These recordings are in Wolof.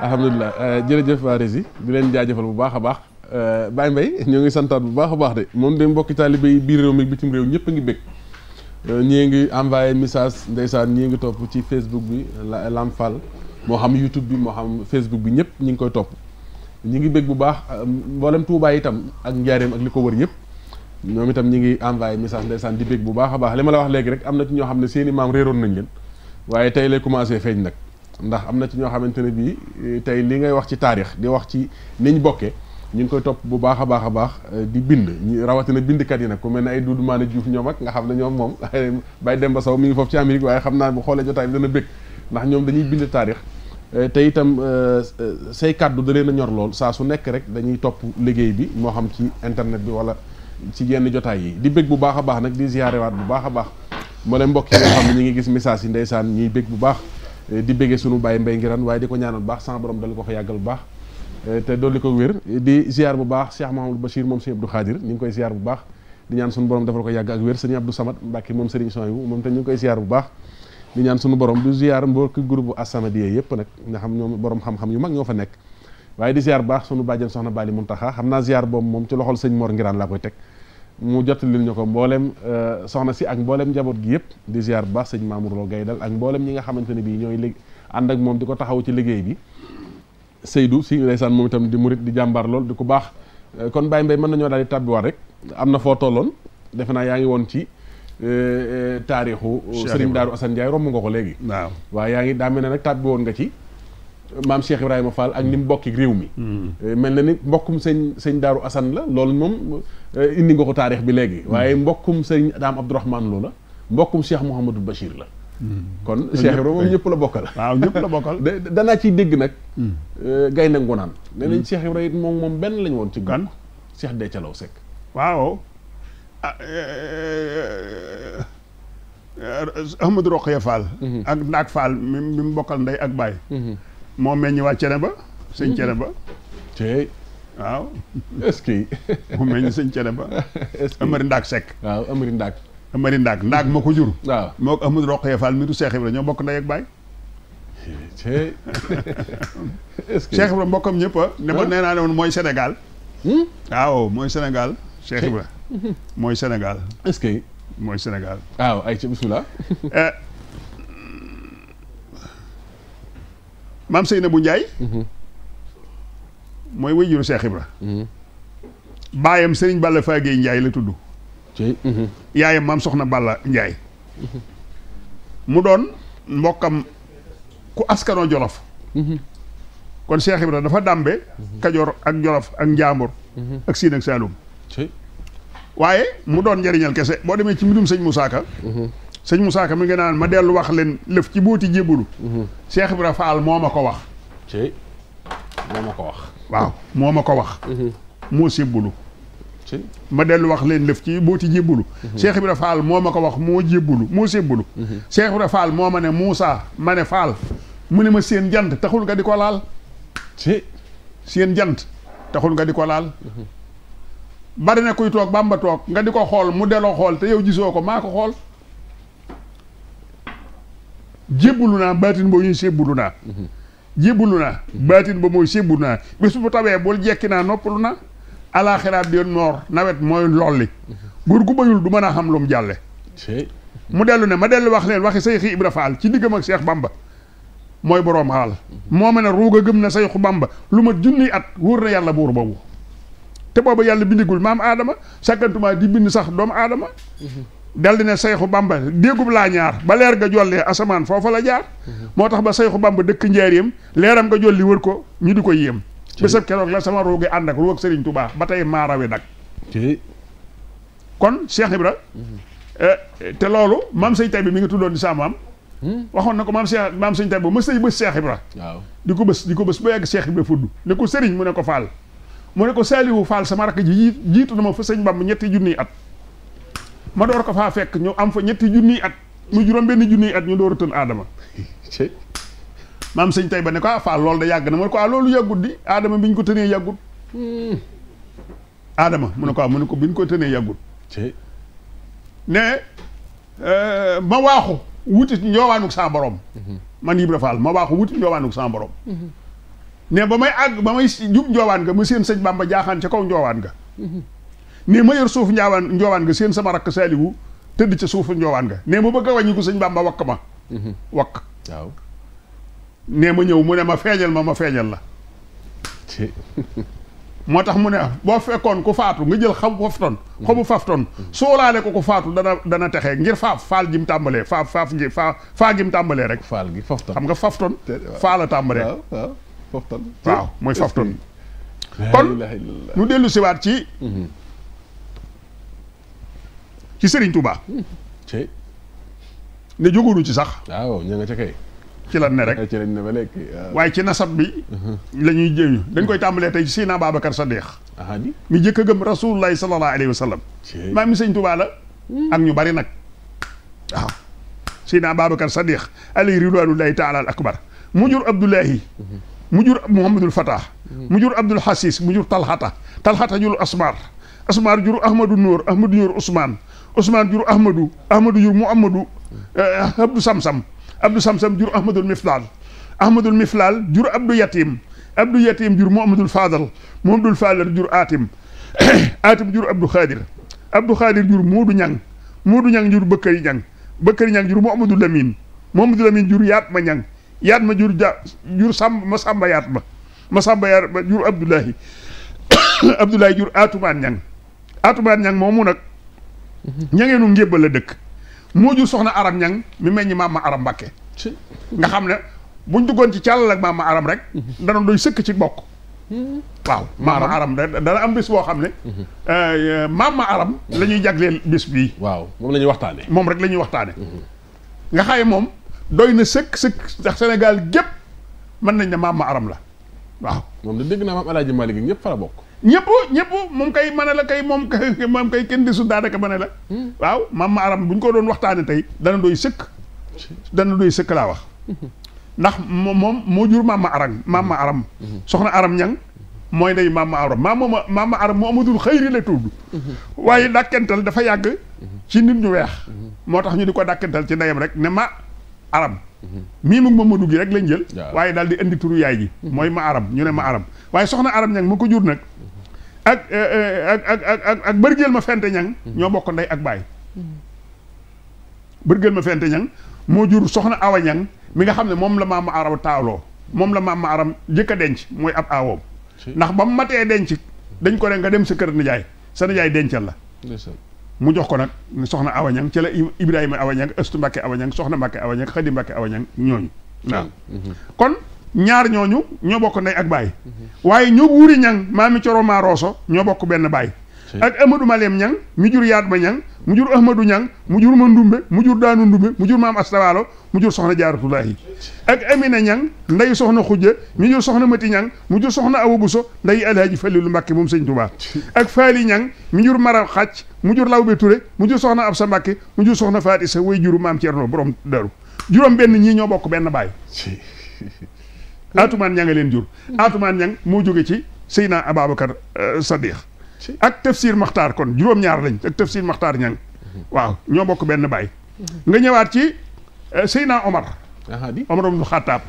alhamdulilah eh, jërëjëf waa Rési di leen jaajëfal bu baax a baax eh, Baye Mbaye ñoo ngi santaat bu baax a baax de moom de mbokki taalibe yi biir réew mi bitim réew ñëpp ngi bëgg eh, ñii ngi envoyé message ndeysaan ñii ngi topp ci Facebook bi Lam Fall moo xam YouTube bi moo xam Facebook bi ñëpp ñu ngi koy topp ñu ngi bég bu baax euh, mboolem Touba itam ak njaareem ak li ko wër yëpp ñoom itam ñi ngi envoyé message ndeysaan di bég bu baax a baax li ma la wax léegi rek am na ci ñoo xam ne seeni maam réeroon nañ leen waaye tey lay commencé feeñ nag ndax am na ñoo xamante ne bii euh, tey li wax ci taarix di wax ci niñ bokkee ñu ngi koy topp bu baax a baax a baax euh, di bind ñu rawatina bindkat yi nag ku mel ne ay Doudou Mané Diouf ñoom ak nga xam ne ñoom moom Baye Demba Sow mi ngi foofu ci Amérique waaye xam naa bu xoolee jotaay bi dana bég ndax ñoom dañuy bind taarix euh, te itam euh, euh, say kàddu da leen a ñor lool saa su nekk rek dañuy topp liggéey bi moo xam ci internet bi wala ci yenn jotaay yi di bëgg bu baax a baax nag di ziyaarewaat bu baax a baax mboolem mbokk yi nga xam ne ñu ngi gis message yi ndeysaan ñuy bëgg bu baax di bëggee sunu bàyyi mbay ngiran waaye di ko ñaanal baax sans borom dal ko fa yàggal bu baax te dolli ko wér di ziar bu baax Cheikh Mahamadou Bachir moom sëñ ñu ngi koy ziar bu baax di ñaan suñu borom defal ko yàgg ak wér sëñ Abdou Samad Mbàkke moom sëriñ Soyibu moom te ñu ngi koy ziar bu baax di ñaan sunu borom du ziar mbokk groupe as yépp nag nga xam ñoom borom xam-xam yu mag ñoo fa nekk waaye di ziar baax sunu bàjjen soxna Bali Muntaxa xam naa ziar boobu moom ci loxol sëñ Mor Ngiraan laa koy teg mu jotali ñu ko mboolem euh, soxna si ak mboolem njaboot gi yépp di ziar baax sëñ Mamour Lo Gaydal ak mboolem ñi nga xamante ne bii ñooy lég ànd ak moom di ko taxaw ci liggéey bi Seydou si ndeysaan moom itam di murit di jàmbaar lool di ko baax euh, kon Baye Mbaye mën nañoo daal di war rek am na foo tolloon defe naa ci Eh, eh, taarixu Serigne Darou Assane Ndiaye romb nga ko léegi waaw waaye yaa ngi daa mel ne nag tàbbi woon nga ci maam Cheikh Ibrahima Fall ak ni mu bokki réew mi mm. eh, mel na ni mbokkum sëñ sëñ Darou Assane la loolu moom indi nga ko taarix bi léegi mm. waaye mbokkum sëñ Daam Abdourahmane Lo la mbokkum Cheikh Mouhamadou Bachir la mm. kon Cheikh Ibrahima moom ñëpp la bokkal waaw ñëpp la danaa ciy dégg nag gaynde ngonaan nee nañ seex Ibrahima moom moom benn lañ woon ci bokk Cheikh Déthialaw Seck waaw Ahmadou Rokhaya Fall ak Ndaak Fall mi mu bokkal ndey ak baay moo meññi waa cene ba sëñ cene ba tey waaw est-ce que moo meññi sëñ cene ba Amari Ndaak Seck waaw Amari Ndaak Amari Ndaak Ndaak ma ko jur waaw moo ko Ahmadou Rokhaya Fall mi du Cheikh Ibra ñoo bokk ndey ak baay tey est-ce que Cheikh Ibra mbokkam ñëpp a ne ba nee naa ne woon mooy Sénégal waaw mooy Sénégal Cheikh Ibra mooy Sénégal. mooy Sénégal. waaw ah, ay ci bismillah. Eh, maam Seynabou Ndiaye. Mhm. mooy wajuru Cheikh Ibra. Mhm. baayam Serigne Balla Fagé Ndiaye la tudd. Mhm. yaayam maam Soxna Balla Ndiaye. mu doon mbokkam ku askanoo Jolof. kon Cheikh Ibra dafa dàmbe. Kajoor ak Jolof ak Njaambur. ak Siin ak Saalum. waaye mu doon njëriñal kese boo demee ci mbirum sëñ Moussa Ka mhm. sëñ Moussa Ka mi ngi naan ma dellu wax leen lëf ci booti jébbalu mhm. Cheikh Ibra Fall moo ma ko wax moo ma ko wax waaw moo ma ko wax mhm. moo sébbalu ma dellu wax leen lëf ci booti jébbalu Cheikh Ibra moo ma ko wax moo jébbalu moo sébbalu Cheikh Ibra moo ma ne musaa ma ne Fall mu ne ma seen jant taxul nga di ko laal seen jant taxul nga di ko laal bari na kuy tok bamba tok nga di xol mu hall xol te yow gisoko mako xol jibuluna batin bo naa sebuluna jibuluna batin bo moy sebuluna naa bu tawé bol jekina nopuluna noppalu na alaaxiraat di noor nawet moy lolli bur gu bayul du meuna xam lum jalle mu delu ne ma delu wax len waxi Ibra Faal ci digam ak Bamba moy borom xaal moo ma ne na Bamba luma junni at wurna yalla bur buur te boobu yàlla bindigul maam aadama sàkkantumaa di bind sax doomu aadama dal di ne sayxu bamba déggub laa ñaar ba leer nga jollee asamaan foofu la jaar moo tax ba sayxu bamba dëkk njaareem leeram nga jolli wër ko ñu di ko yéem bésab keroog la sama ruugi ànd ak ruug sëriñ tubaa ba tey maarawe nag kon Cheikh Ibra mhm. eh, te loolu maam sëñ tay bi mu ngi tuddoon di sa maam hmm? waxoon na ko maam Cheikh maam sëñ tay bi mës nay bës Cheikh Ibra waaw di ko bës di ko bës ba yàgg Cheikh ko sëriñ mu ne ko faal mu ne ko Saaliwu fal sama rakk ji jitu dama fa sëñ bam ñetti junniy at ma door ko fa fek ñu am fa ñetti junniy at mu juroom ben junniy at ñu door tan adama mam maam tay ba ne ko ah, fa lol da yag na mu ne ko a ah, lolou yagut di adama biñ ko tene yagut hmm. adama mu ne ko ah, mu ne ko biñ ko ne euh, ma waxu wuti ñowanuk sa borom mhm. man Ibra ma waxu wuti ñowanuk sa borom mhm. ne ba may àgg ba may jub njoowaan nga mu seen sëñ Bamba jaaxaan ca kaw njoowaan nga ne ma yor suuf njoowaan nga seen sama rakk saaliwu tëdd ca suufu njoowaan nga ne ma bëgg a wàññi ko sëñ Bamba wakk ma mhm. wakk waaw ne ma ñëw mu ne ma feeñal ma ma feeñal la moo tax mu ne boo fekkoon ku faatu nga jël xam fafton xobu fafton mhm. soolaale ko ku faatu dana dana texee ngir faaf faal gi mu tàmbalee faaf faaf gi faa faa gi mu rek faal gi fafton xam nga fafton faala tàmbalee foftal waaw mooy faftoon kon nu dellu siwaat ci mhm. ci Serigne Touba ne jógunu ci sax waaw ña nga ci lan ne rek ci lañ ne ba léegi euh. waaye ci nasab bi mhm. lañuy ñuy dañ koy tàmbalee tey Seydina Babacar Sadiq mi jëkk a gëm rasulullahi sallallahu alayhi wa sallam mi Serigne Touba la hmm. ak ñu bari nag waaw ah. Seydina Babacar Sadiq alayhi ridwanullahi taala al akbar mu jur Abdoulahi mhm. Mujur Muhammadul Fatah Mujur Abdul Hasis Mujur Talhata Talhata jur Asmar Asmar jur Ahmadou Nur, Ahmadou Nur Usman, Usman jur Ahmadu, Ahmadu jur eh, Abdul Samsam Abdul Samsam jur Ahmadul Miflal Ahmadul Miflal jur Abdul Yatim Abdul Yatim jur Muhammadul Fadl, Muhammadul Fadl jur Atim Atim jur Abdul Khadir Abdul Khadir jur Mudu Nyang, Mudu Nyang jur Bekeri Nyang, Bekeri Nyang jur Muhammadul Lamin, Muhammadul Lamin jur Yat Manyang, yaat ma jur jur sam ma samba yaat ma ma samba yaat ma jur abdullahi abdullahi jur atuman ñang atuman ñang moomu nag ñangeenu ngébbal la dekk mo jur soxna aram ñang mi meñ mama aram bakke nga xamne buñ dugon ci ak mama aram rek mhm. na doy sëkk ci bok hmm. waaw mama aram na am bis bo xamne mama mhm. eh, aram lañuy ñuy bis bi waaw mom lañuy waxtane mom rek lañuy waxtane mhm. nga xaye mom doy na sëkk sëkk ndax Sénégal gépp mën nañ ne maam ma aram la waaw. moom da dégg naa maam El Hadj Malick ñëpp fa la bokk. ñëpp ñëpp moom kay mane la kay moom kay moom kenn di su daanaka mane la. Hmm. waaw maam ma aram bu ñu ko doon waxtaanee tey. dana doy sëkk. dana doy sëkk laa wax. ndax moom moo jur maam ma ma aram. soxna aram ñang mooy ndey maam ma aram maam ma maam xëyri la tudd. waaye dàkkental dafa yàgg. ci nit ñu weex. Hmm. moo tax ñu di ko dàkkental ci ndeyam rek ne ma. aram mhm. mii mu Mamadou gi rek lañ jël waaye daal di indi yaay ji mhm. mooy ma aram ñu ne ma aram waaye soxna aram ñang mu ko jur nag mhm. eh, eh, ak ak ak ma fente ñang ñoo bokk ndey ak baay bërgeel ma fente ñang moo jur soxna awa ñang mi nga xam ne moom la maam ma aram taaloo moom la maam ma aram jëkk a denc mooy ab aawoom ndax ba mu matee denc dañ ko ne nga dem sa kër nijaay sa nijaay dencal la mu jox ko nag soxna awañang ci la ibrahima awañang ëstu mbàkke awañang soxna mbàkke awañang xadi mbàkke awañang ñooñu waaw mm-hmm. kon ñaar ñooñu ñoo bokk ndey ak baay waaye ñoo wuuri ñang maami coro maa rooso ñoo bokk benn baay ak amadou maleem ñang mi jur yaat ma ñang mu jur ahmadou ñang mu jur ma ndumbe mu jur daanu ndumbe mu jur maam astawaalo mu jur soxna jaaratullaahi ak amina ñang nday soxna xujja mu jur soxna mati ñang mu jur soxna awa buso nday alhaaji falilu mbàkke moom sëñ tubaa ak faali ñang mu jur mara xàcc mu jur lawbe ture mu jur soxna absa mbàkke mu jur soxna faati sa way juru maam ceerno borom daru juróom benn ñii ñoo bokk benn baay atumaan ñanga leen jur atumaan ñang moo jóge ci seydina ababacar euh, sadiq ak tafsir maxtaar kon juróom-ñaar lañ ak tafsir maxtaar ñang waaw ñoo bokk benn baay. nga ñëwaat ci Seyna Omar. Omar ibn Khattab.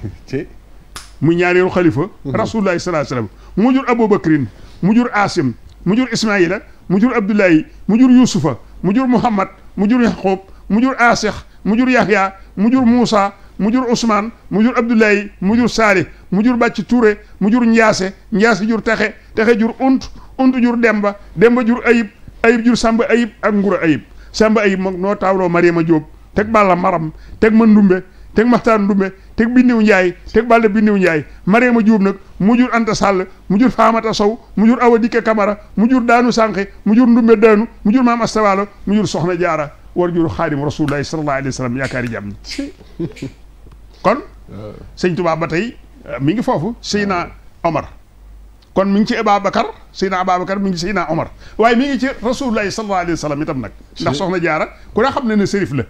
mu ñaareelu xalifa. rasulullah sallallahu alayhi wasallam mu jur Aboubacrin mu jur Asim mu jur Ismaïla mu jur Abdoulaye mu jur Yusufa mu jur Muhammad mu jur Yaqub mu jur Asix mu jur Yahya mu jur Moussa mu jur Ousmane mu jur Abdoulaye mu jur Salih mu jur Bàcc Touré mu jur Njaase Njaase jur Texe Texe jur Unt untu jur demba demba jur ayib ayib jur samba ayib ak ngura ayib samba ayib moom noo taawloo Mariama Jóob teg bàlla maram teg ma ndumbe teg maxtaar ndumbe teg bindiw njaay teg bàlla bindiw njaay Mariama Jóob nag mu jur anta sàll mu jur faamata sow mu jur awa dikke kamara mu jur daanu sànqe mu jur ndumbe daanu mu jur maam astawaalo mu jur soxna jaara war jur xaadim rasulullahi sallallahu alayhi wa yaakaari jàmm kon sëñ Tuubaa ba tey mi ngi foofu Seydina kon mi ngi ci abou bakkar sayna abou bakkar mi ngi ci Seydina Omar waaye mi ngi ci rasoulullah sallallahu alayhi wasallam itam nak ndax soxna jaara ku ne xamne ne sérif la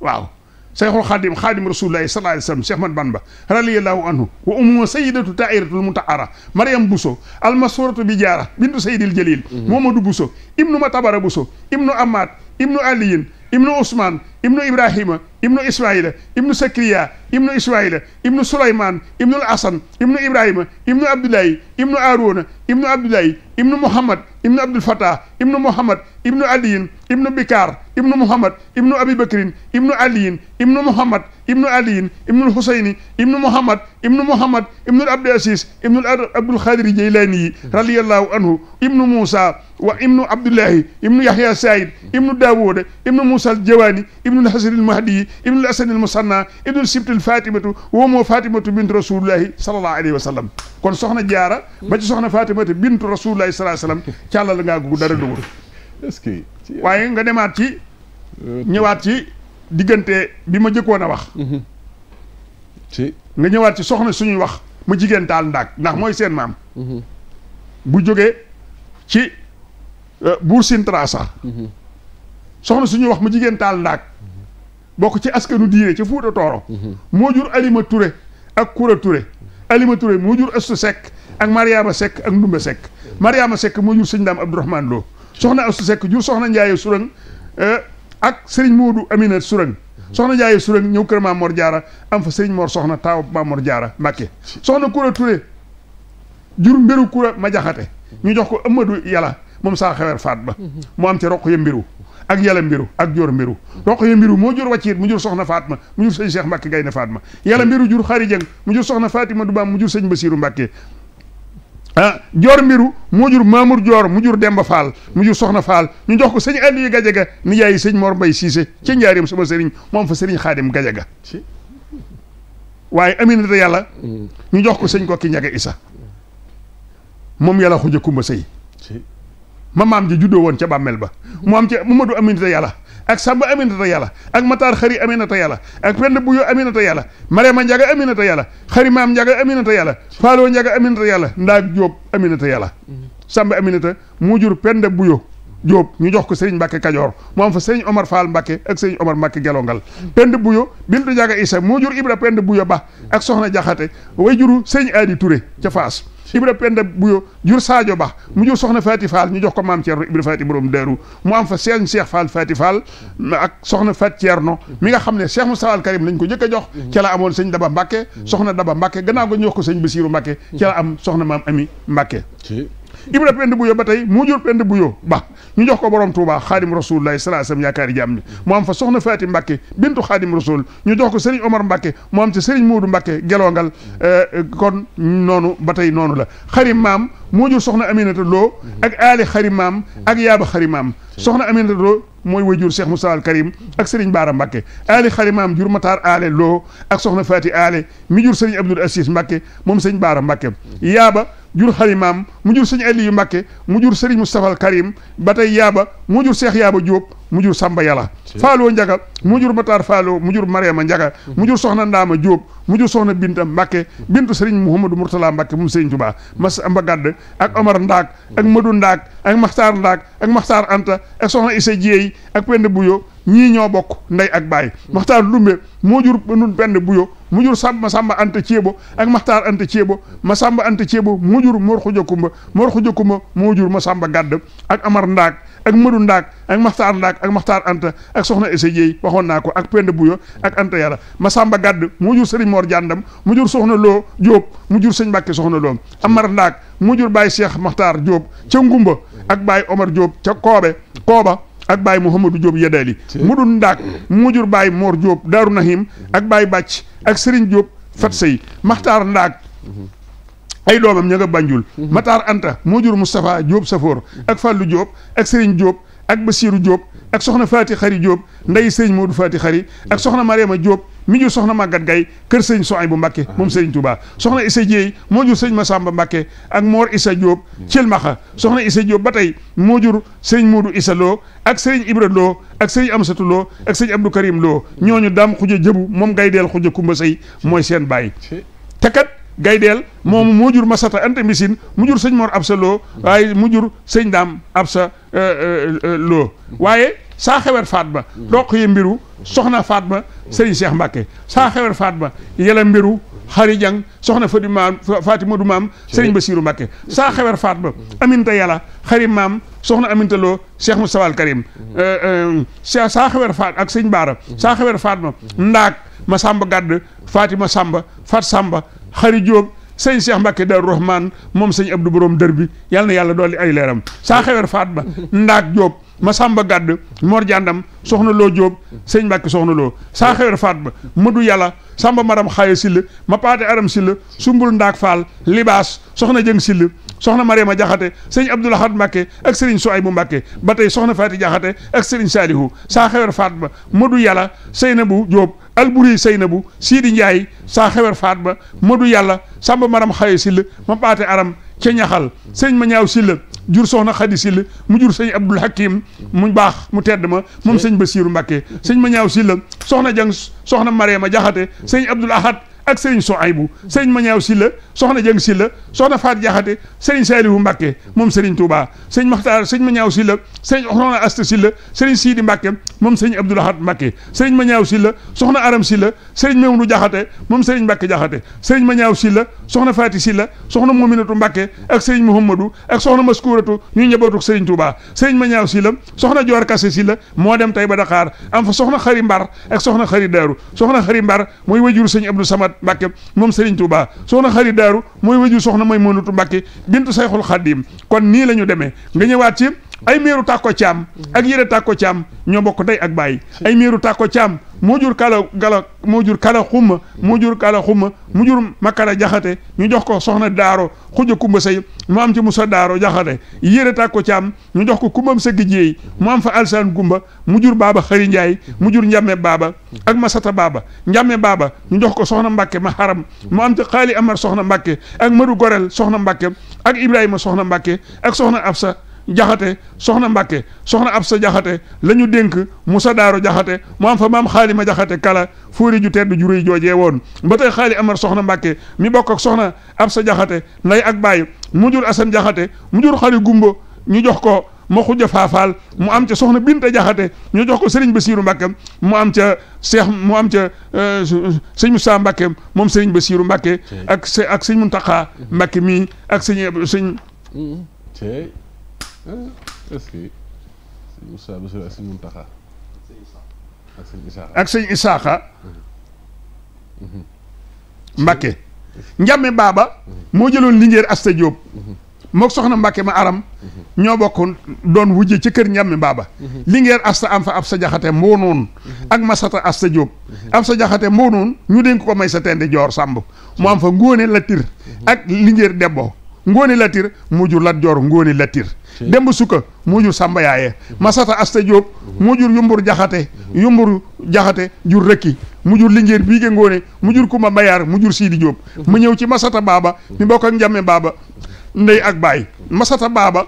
waaw shaykhul khadim khadim rasoulullah sallallahu alayhi wasallam sallam cheikh man banba radiallahu anhu wa ummu sayyidatu tairatul mutaara mariam buso almasuratu bi jaara bintu sayyidil jalil momadou buso ibnu matabara buso ibnu amaat ibnu aliyin ibnu Ousmane ibnu Ibrahima ibnu Ismaïla ibnu Sakriya ibnu Ismaïla ibnu Souleymane ibnu Asan ibnu Ibrahima ibnu Abdoulaye ibnu Arouna ibnu Abdoulaye ibnu Mouhamad ابن عبد الفتاح ابن محمد ابن علي ابن بكار ابن محمد ابن ابي بكر ابن علي ابن محمد ابن علي ابن الحسين ابن محمد ابن محمد ابن عبد العزيز ابن عبد الخادر الجيلاني رضي الله عنه ابن موسى وابن عبد الله ابن يحيى سعيد ابن داوود ابن موسى الجواني ابن الحسن المهدي ابن الحسن المصنع ابن سبت الفاطمه وام فاتمه بنت رسول الله صلى الله عليه وسلم كون سخنا جاره با سخنا فاطمه بنت رسول الله صلى الله عليه وسلم càlla la ngaa gu dara dugul waaye nga demaat ci ñëwaat ci diggante bi ma jëkkoon a wax mhm. nga ñëwaat ci soxna suñuy wax mu jigéen taal ndaag ndax mooy seen maam mhm. bu jógee ci euh, buur Sintraasa mhm. soxna suñuy wax mu jigéen taal ndaag bokk ci askanu diine ci Fuuta Tooro moo jur Alima Touré ak Kura Touré Alima Touré moo jur Astu Sekk ak Mariama Sekk ak Ndumbe Sekk Mariama sekk moo jur sëñ Daam Abdourahmane Lo soxna Astu Seck jur soxna Ndiaye Sourang eh, ak sëriñ Moodu Amina Sourang soxna Ndiaye Sourang ñëw kër Maam Mor Jaara am fa sëriñ Mor soxna taaw Maam Mor Jaara Mbàkke soxna Kura Touré jur mbiru Kura ma jaxate ñu jox ko Amadou Yàlla moom saa xewer faat ba mu am ci roq ya mbiru ak yàlla mbiru ak joor mbiru roq ya mbiru moo jur wàcciit mu jur soxna ma mu jur sëñ Cheikh Mbàkke Gaynde Fatma yàlla mbiru jur xari jëng mu jur soxna Fatima Dubaam mu jur sëñ Basiiru Mbàkke ah joor mbiru moo jur Mamour Dior mu jur Demba Fall mu jur Soxna faal ñu jox ko sëñ Aliou Gadiaga ni yaayi sëñ Mor bay Siise ca njaareem sama sëriñ moom fa sëriñ Xaadim Gadiaga waaye aminata yàlla mm. ñu jox ko sëñ ko ki ñaga isa moom yàlla xuja kumba sëy ma maam ji juddoo woon ca bàmmeel ba mu am ca Mamadu aminata yàlla ak Samba Aminata yàlla ak Matar Xari Aminata yàlla ak Penda Buyo Aminata yàlla Marema Njaga Aminata yàlla Xari Maam Njaga Aminata yàlla Faaloo Njaga Aminata yàlla Ndaag Jóob Aminata yàlla mm-hmm. Samba Aminata mu jur Penda Buyo Jóob ñu jox ko sëriñ Mbàkke Kajoor mu am fa sëriñ Omar Fall Mbàkke ak sëriñ Omar Mbàkke Gelongal Pend Buyo Bintu Jaaga Isa moo jur Ibra Pend Buyo Ba ak soxna Jaxate way juru sëriñ Aadi Touré ca Faas Ibra Penda Buyo jur Sadio Ba mu jur soxna Faati Fall ñu jox ko maam Thierno Ibra Faati borom Daaru mu am fa seen ak soxna Faat no mi nga xam ne Cheikh Moustapha Al Karim lañ ko njëkk jox ci la amoon sëñ Daba Mbàkke soxna Daba Mbàkke gannaaw ko ñu jox ko sëñ Basiiru Mbàkke ci la am soxna maam Ami Mbàkke Ibra Pend Buyo ba tey moo jur Pend Buyo ba ñu jox ko borom Touba xaadim rasulullahi salaa sallam yaakaari jàmm ñi mu am fa soxna Faati Mbàkke bintu xaadim rasul ñu jox ko Serigne Omar Mbàkke mu am ci Serigne Moodu Mbàkke gelongal euh, kon noonu ba tey noonu la xari maam moo jur soxna Aminata loo ak aali xarim maam ak yaaba xarim maam soxna Aminata Lo mooy way jur Cheikh Moussa al Karim ak Serigne Baara Mbacke aali maam jur Matar aale loo ak soxna Faati aale mi jur Serigne Abdoul Assis Mbacke moom Serigne Baara Mbacke yaaba jur xalimaam mu jur sëñ Aliyu Mbàkke mu jur sëriñ Moustapha al Karim ba tey yaaba mu jur seex yaaba Jóob mu jur Samba Yàlla faaloo Njaga mu jur Mataar faaloo mu jur Mariama Njaga mu jur soxna Ndaama Jóob mu jur soxna Binta Mbàkke bintu sëriñ Mouhamadou Mourtala Mbàkke moom sëriñ Tuubaa mas Amba Gadd ak Omar Ndaak ak Madu Ndaak ak Maxtaar Ndaak ak Maxtaar Anta ak soxna Isa Jéey ak Penda Buyo ñii ñoo bokk ndey ak baay maxtaar dumbe moo jur nun benn buyo mu jur sàmb sàmba anta ceebo ak maxtaar anta ceebo ma sàmba anta ceebo mu jur mor xuja kumba mor xuja kumba moo jur ma sàmba gàdd ak amar ndaak ak madu ndaak ak maxtaar ndaak ak maxtaar anta ak soxna ese jeey waxoon naa ko ak pend buyo ak anta yara ma sàmba gàdd moo jur sëriñ mor jàndam mu jur soxna loo jóob mu jur sëñ mbàkke soxna loo amar ndaak mu jur baay seex maxtaar joob ca ngumba ak baay omar jóob ca koobe kooba ak baay Mouhamadou Diop Yedali mu dun ndaak mu jur Baye Mor Diop Daaru Nahim ak baay Bàcc ak Serigne Diop fat sey Maxtaar ndaak ay doomam ña nga Banjul Matar Anta moo jur Moustapha Diop Safoor ak Fallou Diop ak Serigne Diop ak Bassirou Diop ak soxna Faati Xari Diop nday Serigne Modou Faati Xari ak soxna Mariama jóob mi jur soxna màggat gay kër sëñ soay bu Mbàkke moom ah. sëriñ Touba soxna Issa Dieye moo jur sëñ Massamba Mbàkke ak Mor Issa Diop hmm. Thilmakha soxna Issa Diop ba tey moo jur sëñ Modou Issa ak sëriñ Ibra ak sëriñ Amsatou Lo sëñ Abdou Karim Lo ñooñu daam xuj a jëbu moom gay deel xuj a kumba sëy mooy seen bàyyi te kat gaydeel hmm. moo jur masata anta mbisin mu jur sëñ Mor Absa Lo hmm. waaye mu jur sëñ daam Absa euh, euh, euh, Lo waaye saa xewet Fatma doq yi mbiru soxna faat Fatma sëriñ Cheikh Mbacke saa xewet Fatma yela mbiru xari jang soxna fadi maam Fatima du maam sëriñ Basiru Mbacke saa xewet Fatma aminta yàlla xari maam soxna aminta loo Cheikh Moustapha al Karim euh, euh, saa xewet Fatma ak sëñ Baara saa xewet Fatma ndaak ma samba gàdd Fatima Samba Fat sàmba xari Jóob sëñ Cheikh Mbacke Darou Rahman moom sëñ Abdou Borom dër bi yàlla na yàlla dolli ay leeram saa xewet Fatma ndaak Jóob ma Masamba Gàdd Mor Jàndam soxna Loo Jóob sëñ Mbàkke soxna Loo saa xewar faat ba Madu Yàlla Samba Maram Xaye Silla ma paate Aram Silla Sumbul Ndaak Faal Libaas soxna Jëng Silla soxna Mariama Jaxate sëñ Abdul Ahad Mbàkke ak ay Suaybu Mbàkke ba tey soxna Faati Jaxate ak sëriñ Saalihu saa xewar faat ba Madu Yàlla bu Jóob alburi Seynabu Sidi Ndiaye saa xewer faat ba madu yàlla sàmba maram xaye silla ma baate aram ca ñaxal sëñ ma ñaaw silla jur soxna xadi silla mu jur sëñ abdul hakim mu baax mu tedd ma moom sëñ basiiru mbàkke sëñ ma ñaaw silla soxna jang soxna ma jaxate sëñ abdul ahad ak sëriñ Soaybu sëriñ Mañaaw Silla soxna Jëng Silla soxna Faat Jaxate sëriñ Saalihu Mbàkke moom sëriñ Touba sëriñ Maxtaar sëriñ Mañaaw Silla sëriñ soxna Asta Silla sëriñ Siidi Mbàkke moom sëriñ Abdul Ahad Mbàkke sëriñ Mañaaw Silla soxna Aram Silla sëriñ Mamundu Jaxate moom sëriñ Mbàkke Jaxate sëriñ Mañaaw Silla soxna Faati Silla soxna Mominatu Mbàkke ak sëriñ Muhammadu ak soxna Maskuratu ñu njabootu sëriñ Touba sëriñ Mañaaw Silla soxna Joor Kase Silla moo dem tey ba Dakar am fa soxna Xari Mbar ak soxna Xari Daaru soxna Xari Mbar mooy wajuru sëriñ Abdou Samad Abdoulahat Mbàkke moom Serigne soo soxna xarit daaru mooy waju soxna may mënutu Mbàkke bintu sayxul xaddim kon nii la ñu demee nga ñëwaat ci ay meeru tàkko caam ak yére tàkko caam ñoo bokk day ak bàyyi ay meeru tàkko caam moo jur kala gala moo jur kala xumma moo jur kala xumma mu jur makara jaxate ñu jox ko soxna daaro xuja kumba say mu am ci musa daaro jaxate yére tàkko caam ñu jox ko kumbam sëgg jéey mu am fa alsaan gumba mu jur baaba xëri njaay mu jur njàmme baaba ak masata baaba njàmme baaba ñu jox ko soxna mbàkke ma xaram mu am ci xaali amar soxna mbàkke ak maru gorel soxna mbàkke ak ibrahima soxna mbàkke ak soxna absa jaxate soxna Mbàkke soxna Absa jaxate la ñu dénk Musa Daaro jaxate mu am fa maam xaali ma jaxate kala fóori ju tedd ju réy joojee woon ba tey xaali amar soxna Mbàkke mi bokk ak soxna Absa jaxate nday ak baay mu jur Asan jaxate mu jur xali gumba ñu jox ko ma xuja faafaal mu am ca soxna Binta jaxate ñu jox ko Serigne Bassirou Mbacke mu am ca seex mu am ca euh, sëñ Moussa Mbacke moom Serigne Bassirou Mbacke ak ak sëñ Mountakha Mbacke mii ak sëñ sëñ est-ce eh, que ak sëñ Muntaxa ak sëñ mhm. Mhm. baaba mhm. moo jëloon lingeer Asta Diop mook soxna Mbàkke ma aram ñoo bokk doon wujje ci kër njàmme baaba lingeer asta am fa ab sa jaxate moo noonu ak masata Asta Diop ab sa jaxate moo noonu ñu dénk ko may sa tende joor sàmb mu am fa ngóone latir ak lingeer debbo ngóone latir mu jur lat joor ngóone latir demb sukka moo jur sàmba yaaye masata asta jóob moo jur yumbur jaxate yumbur jaxate jur rëkki mu jur lingéer bii géngoone mu jur kumba mbayaar mu jur siidi jóob mu ñëw ci masata baaba mi bokk ak njàmme baaba ndey ak baay masata baaba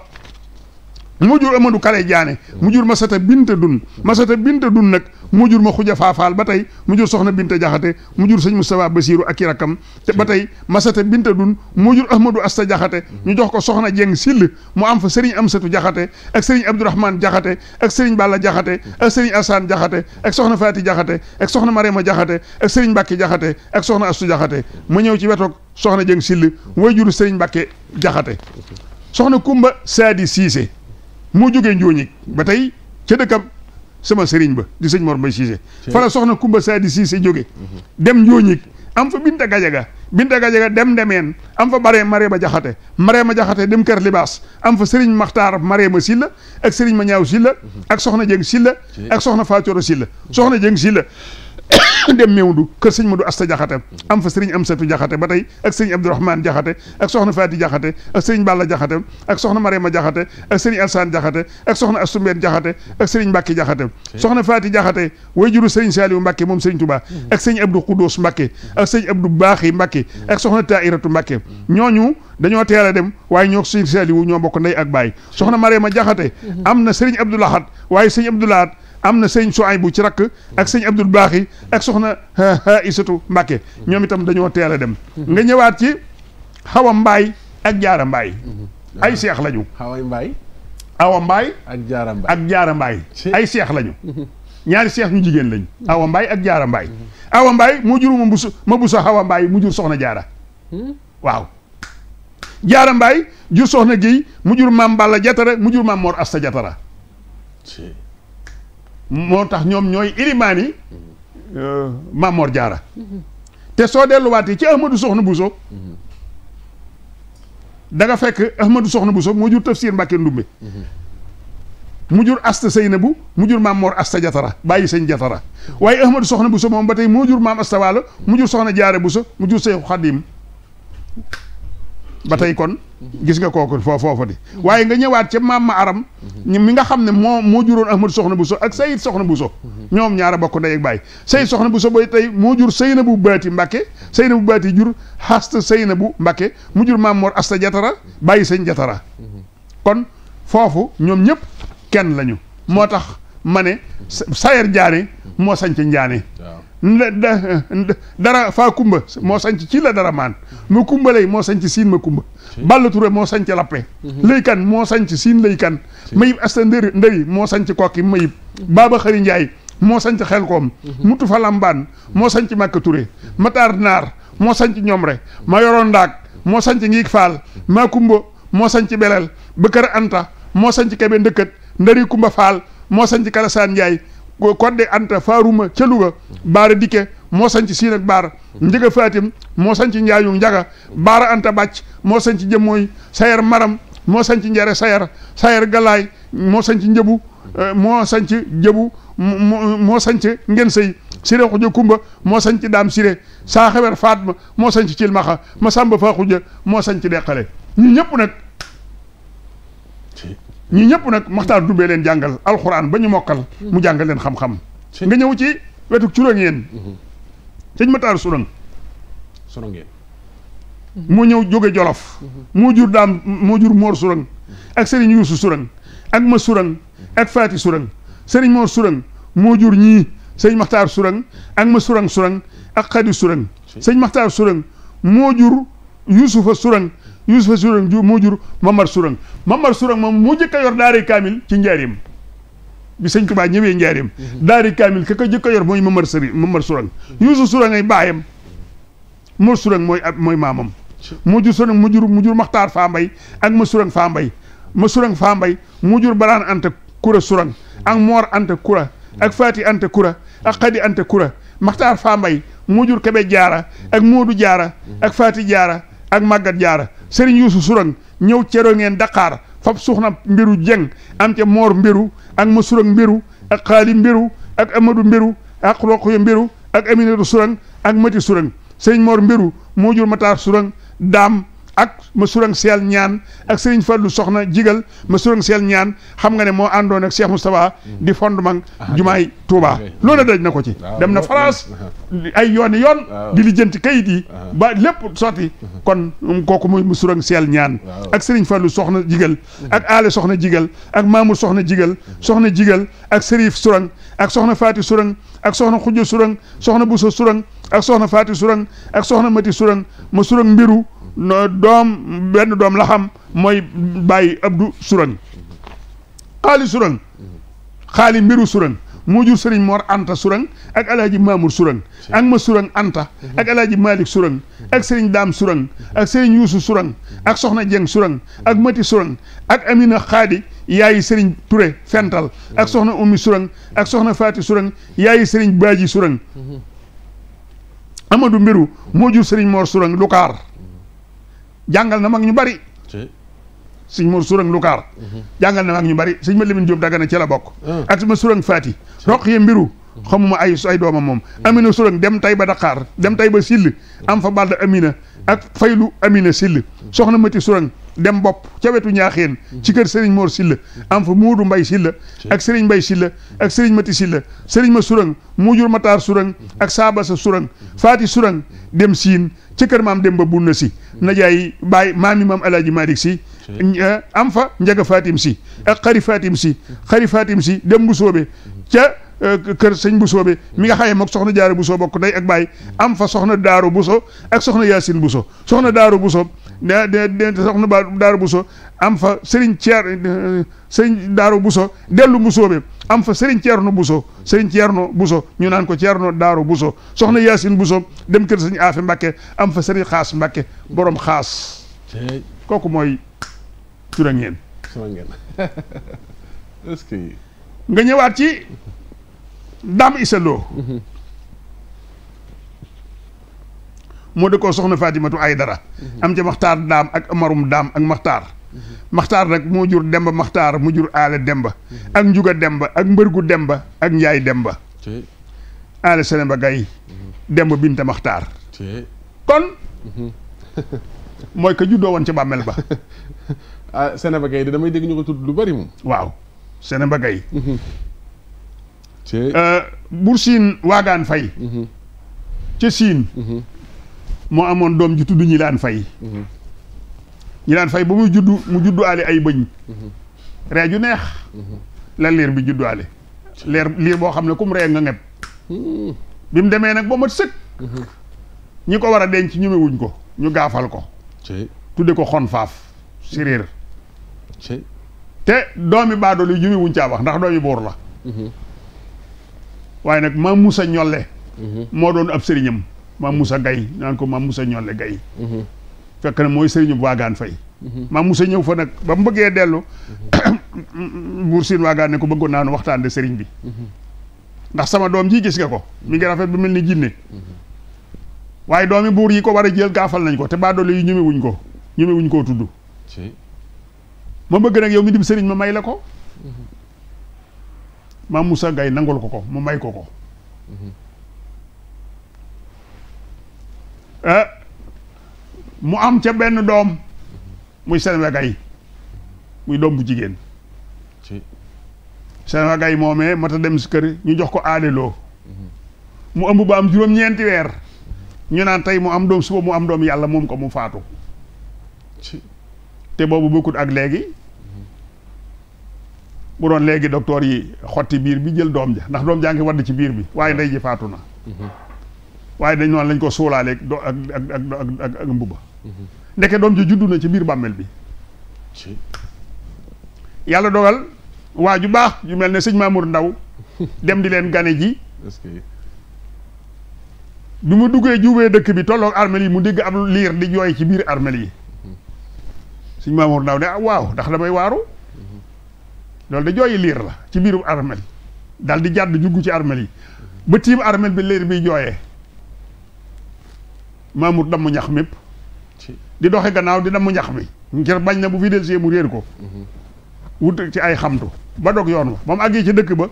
mu jur Amadou Kare Jaane mu jur Masata Binta Dun Masata Binta Dun nag mu jur ma xuja faafaal ba tey mu jur soxna Binta Jaxate mu jur sëñ Moustapha Basiiru ak i rakkam te ba tey Masata Binta Dun mu jur Ahmadou Asta Jaxate ñu jox ko soxna Jeng Sill mu am fa sëriñ Amsatu Jaxate ak sëriñ Abdourahmane Jaxate ak sëriñ Balla Jaxate ak sëriñ Assane Jaxate ak soxna Faati Jaxate ak soxna Marema Jaxate ak sëriñ Mbàkke Jaxate ak soxna Astu Jaxate ma ñëw ci wetoog soxna Jeng Sill way juru sëriñ Mbàkke Jaxate soxna Kumba Saadi Siise moo jógee Njooñig ba tey ca sama sëriñ ba di sëñ Mor Mbaye Cissé fala soxna Kumba Saadi Cissé jóge dem njooñig am fa Binta Gajaga Binta Gajaga dem demeen am fa baree maree ba jaxate maree ma jaxate dem kër libaas am fa sëriñ Maxtaar maree ma Silla ak sëriñ ma ñaaw Silla ak soxna Jëng Silla ak soxna Faatoro Silla soxna Jëng Silla dem Mewndu kër sëñ Modou Asta Jaxate am fa sëriñ Amsatu Jaxate ba tey ak sëriñ Abdourahmane Jaxate ak soxna Faati Jaxate ak sëriñ Balla Jaxate ak soxna Marema Jaxate ak sëriñ Alsaan Jaxate ak soxna Astumbeet Jaxate ak sëriñ Mbàkke Jaxate soxna Faati Jaxate way juru sëriñ Saaliwu Mbàkke moom sëriñ Tuubaa ak sëriñ Abdou Xudoos Mbàkke ak sëriñ Abdou Baaxi Mbàkke ak soxna Tairatu Mbàkke ñooñu dañoo teel a dem waaye ñoo sëriñ Saaliwu ñoo bokk ndey ak baay soxna Marema Jaxate am na sëriñ Abdoulahat waaye am na sëñ bu ci rakk ak sëñ Abdul Baaxi ak soxna Isatu Mbàkke ñoom itam dañoo teel a dem nga ñëwaat ci xawa mbaay ak jaara mbaay mhm. ay seex lañu xawa mbaay awa mbaay ak jaara mbaay ak jaara mbaay ay seex lañu mhm. ñaari seex ñu jigéen lañ mhm. awa mbaay ak jaara mbaay awa mbaay moo jur ma busu ma busa xawa mbaay mu jur soxna jaara hmm? waaw jaara mbaay jur soxna géy mu jur maam Balla jatara mu jur maam Mor Asta jatara moo tax ñoom ñooy ilimaan yi euh, Mamor jaara te soo delluwaatee ci Ahmadou Soxna Bousso da nga fekk Ahmadou Soxna Bousso moo jur tafsir Mbàkke Ndumbe mu jur asta Seynabu mu jur maam asta Jatara bàyyi sëñ Jatara waaye Ahmadou Soxna Bousso moom ba tey moo jur maam asta Waalo mu jur Soxna Jaara Bousso mu jur Seexu Xadim ba tey kon gis nga kooku foofu foofa di waaye nga ñëwaat ca maam ma aram mi nga xam ne moo moo juróon ahmad soxna Bousso ak sayid soxna Bousso ñoom ñaara bokk ndey ak baay sayid soxna Bousso booy tey moo jur sëy na bu baati mbàkke sëy na bu baati jur xasta na bu mbàkke mu jur maam moor asta jatara bàyyi sañ jatara kon foofu ñoom ñëpp kenn lañu moo tax ma ne sayer jaane moo sañc njaane dara faa kumba moo sanc ci la dara maan ma moo sanc siin ma kumba Balla Touré moo sanc lappe laykan moo sanc siin laykan mayib asta ndëri moo sanc kokki mayib baaba xëri njaay moo sanc xelkoom mutu fa moo sanc màkka Touré mataar naar moo sanc ñoom re ma yoroon ndaag moo sanc ngiig faal maa kumba moo sanc belel bëkkër anta moo sanc kebe ndëkkët ndëri kumba faal moo sanc kalasaan njaay kodde anta faaruma ca Louga baara dikke moo sañ ci siin ak baara njëga fatim moo sañ ci njaayu baar baara anta bàcc moo sañ ci jëmmooy sayar maram moo sañ ci njare sayar sayar galaay moo sañ ci njëbu moo sañ ci jëbu moo sañ ci ngen sëy siré xuja kumba moo sañ ci daam siré saa xewer faatma moo sanc ci cilmaxa ma sàmba faa xuja moo sañ ci deqale ñu ñëpp nag ñii ñëpp nag maxtaar dubee leen jàngal alxuraan ba ñu mokkal mu jàngal leen xam-xam nga ñëw ci wetuk curóŋ yéen mhm. sëñ maxtaar suróŋ mhm. moo ñëw jóge jolof mhm. moo jur daam moo jur moor suróŋ ak sëriñ yuusu ak ma suróŋ ak faati suróŋ sëriñ moor suróŋ moo jur ñii sëñ maxtaar suróŋ ak ma suróŋ suróŋ ak xadi suróŋ sëñ maxtaar suróŋ moo jur yuusufa suróŋ Yuusufa Surang ju moo jur Mamar Surang Mamar yor daari kaamil ci njaarim bi sëñ Tuubaa ñëwee njaarim mhm. daari ka ko yor mooy Mamar Sëri Mamar Surang mhm. Yuusufa Surang ay baayam Mor Faambay ak ma Surang Faambay ma Surang Faambay mu jur Baraan Anta Kura Surang ak Moor Anta Kura ak Faati Anta Kura ak Xadi Anta Kebe Jaara ak Moodu Jaara ak Faati Jaara ak Màggat Jaara sëriñ yuusu surang ñëw ceroo ngeen daqaar fab suxna mbiru jeng am ca moor mbiru ak ma surang mbiru ak xaali mbiru ak amadu mbiru ak roq yo mbiru ak aminatu surang ak mati surang sëriñ moor mbiru moo mataar surang daam ak ma surang seel ñaan ak sëriñ Fallou soxna jigal ma surang seel ñaan xam nga ne moo àndoon ak Cheikh Moustapha di fondement ah, jumaay Touba loolu daj na ko ci dam na France ay yooni yoon di lijjanti kayit yi ba lépp sotti kon um, kooku muy ma surang seel ñaan ak sëriñ Fallou soxna jigal hmm. ak aale soxna jigal ak Mamour soxna jigal hmm. soxna jigal ak sërif surang ak soxna Faati surang ak soxna Xujja surang soxna Bousso surang ak soxna Faati surang ak soxna Mati surang ma surang mbiru no doom benn doom la mooy bàyyi abdu surang xaali surang xaali mbiru surang moo jur sëriñ Mor Anta Surang ak El Hadj Mamour ak ma Surang Anta ak El Hadj Malick ak sëriñ Daam Surang ak sëriñ Youssou Surang ak Soxna Dieng Surang ak Mati Surang ak Amina Khadi yaayi sëriñ Touré Fental ak Soxna Oumy Surang ak Soxna Faati Surang yaayi sëriñ Baaji Surang Amadou Mbiru moo jur sëriñ Mor Surang Lukaar Mhm. jàngal na mag ñu bari sëñ Mor Sourang Lukaar jàngal na mag ñu bari sëñ ma Lamine Diop daggana ci la bokk ah. ak ma Sourang Fati roq ye mbiru mhm. xamuma ay ay doomam moom mhm. amina Sourang dem tay ba daqaar dem tay ba sill am fa bald amina ak faylu Amina Sill soxna Mati Sourang dem bopp ca wetu ñaaxeen ci kër Serigne Mor Silla am fa Muudu Mbay Silla ak Serigne Mbay Silla ak Serigne Mati Silla sëriñ ma sura Muujur Mataar sura ak Saaba sura Surang Faati Surang dem siin ci kër maam dem ba bunna si najaay baay maami maam Alaaji Malik si am fa Njaga Fatim si ak Xari Fatim si Xari Fatim si dem bu Euh, kër sëñ Bousso bi mi nga xaye mook soxna Jaara Bousso bokk day ak baay am fa soxna Daaru Bousso ak soxna Yaasin Bousso soxna Daaru Bousso de de de soxna ba Daaru Bousso am fa Serigne Thier Serigne Daaru Bousso dellu Bousso bi am fa Serigne Thierno Bousso Serigne Thierno Bousso ñu naan ko Thierno Daaru Bousso soxna Yaasin Bousso dem kër sëñ Afe Mbàkke am fa Serigne Xaas Mbàkke borom xaas kooku mooy turangeen nga ñëwaat ci daam isa loo mhm. moo di ko soxna Fatimatu ay dara mhm. am ca maxtaar daam ak amarum daam ak maxtaar mhm. maxtaar nag moo jur demba maxtaar mu jur aale demba ak njuga demba ak mbërgu demba ak njaay demba aale selemba demb demba binta maxtaar kon mooy ka juddoo woon ca bàmmel ba ah Sénéba Gaye damay dégg ñu ko tudd lu bari moom waaw Sénéba Euh, buur Siin waagaan fay mhm. ca siin mhm. moo amoon doom ji tudd ñi laan fay mhm. ñi fay ba muy judd mu judduwaale ay bëñ ree ju neex la liir bi judduwaale leer liir boo xam ne kum ree nga ngeb bi mu demee nag ba mat sëkk ñi ko war a denc ñemewuñ ko ñu gaafal ko tudde ko xon faaf séréer te doomi baadol yi ñemewuñ caa wax ndax doomi buur la waaye nag maam musa ñolle mhm. moo doon ab sëriñam maam Moussa Gaye naan ko maam Moussa ñolle Gaye mhm. fekk na mooy sëriñu waagaan fay mhm. maam Moussa ñëw fa nag ba mu bëggee dellu buur siin waagaan ne ko bëggoon naa nu waxtaan de sëriñ bi ndax sama doom ji gis nga ko mi ngi rafet bu mel ni jinne waaye doomi buur yi ko war a jël gaafal nañ ko te baadoole yi ñemewuñ ko ñemewuñ koo tudd ma bëgg nag yow mi dim sëriñ ma may la ko maam Moussa gay nangul ko ko mu may ko ko eh, mu am ca benn doom muy Selma gay muy doom bu jigéen Selma Gaye moomee mata dem si kër ñu jox ko aaleloo mu ëmb ba am juróom-ñeenti weer ñu naan tey mu am doom suba mu am doom yàlla moom ko mu faatu te boobu bokkut ak léegi bu doon léegi docteur yi xotti biir bi jël doom ja ndax doom jaa ngi wadd ci biir bi waaye ndey ji faatu na mhm. waaye dañ noonu lañ ko suulaaleeg do ak ak mhm. ndeke doom ji juddu na ci biir bàmmeel bi yàlla dogal waa ju baax ju mel ne sëñ Mamour Ndaw dem di leen gane ji bi mu duggee juubee dëkk bi tolloog armel yi mu dégg ab liir di jooy ci biir armel yi mhm. sëñ Mamour Ndaw ne ah waaw ndax damay waaru loolu da jooyi liir la ci biirum armel daal di jàdd jugg ci armel yi ba tiim armel bi liir biy jooyee Mamour damm ñax mépp di doxe gannaaw di damm ñax mi ngir bañ na bu fi mu réer ko wut ci ay xamtu ba dog yoon wa ba mu àggee ci dëkk ba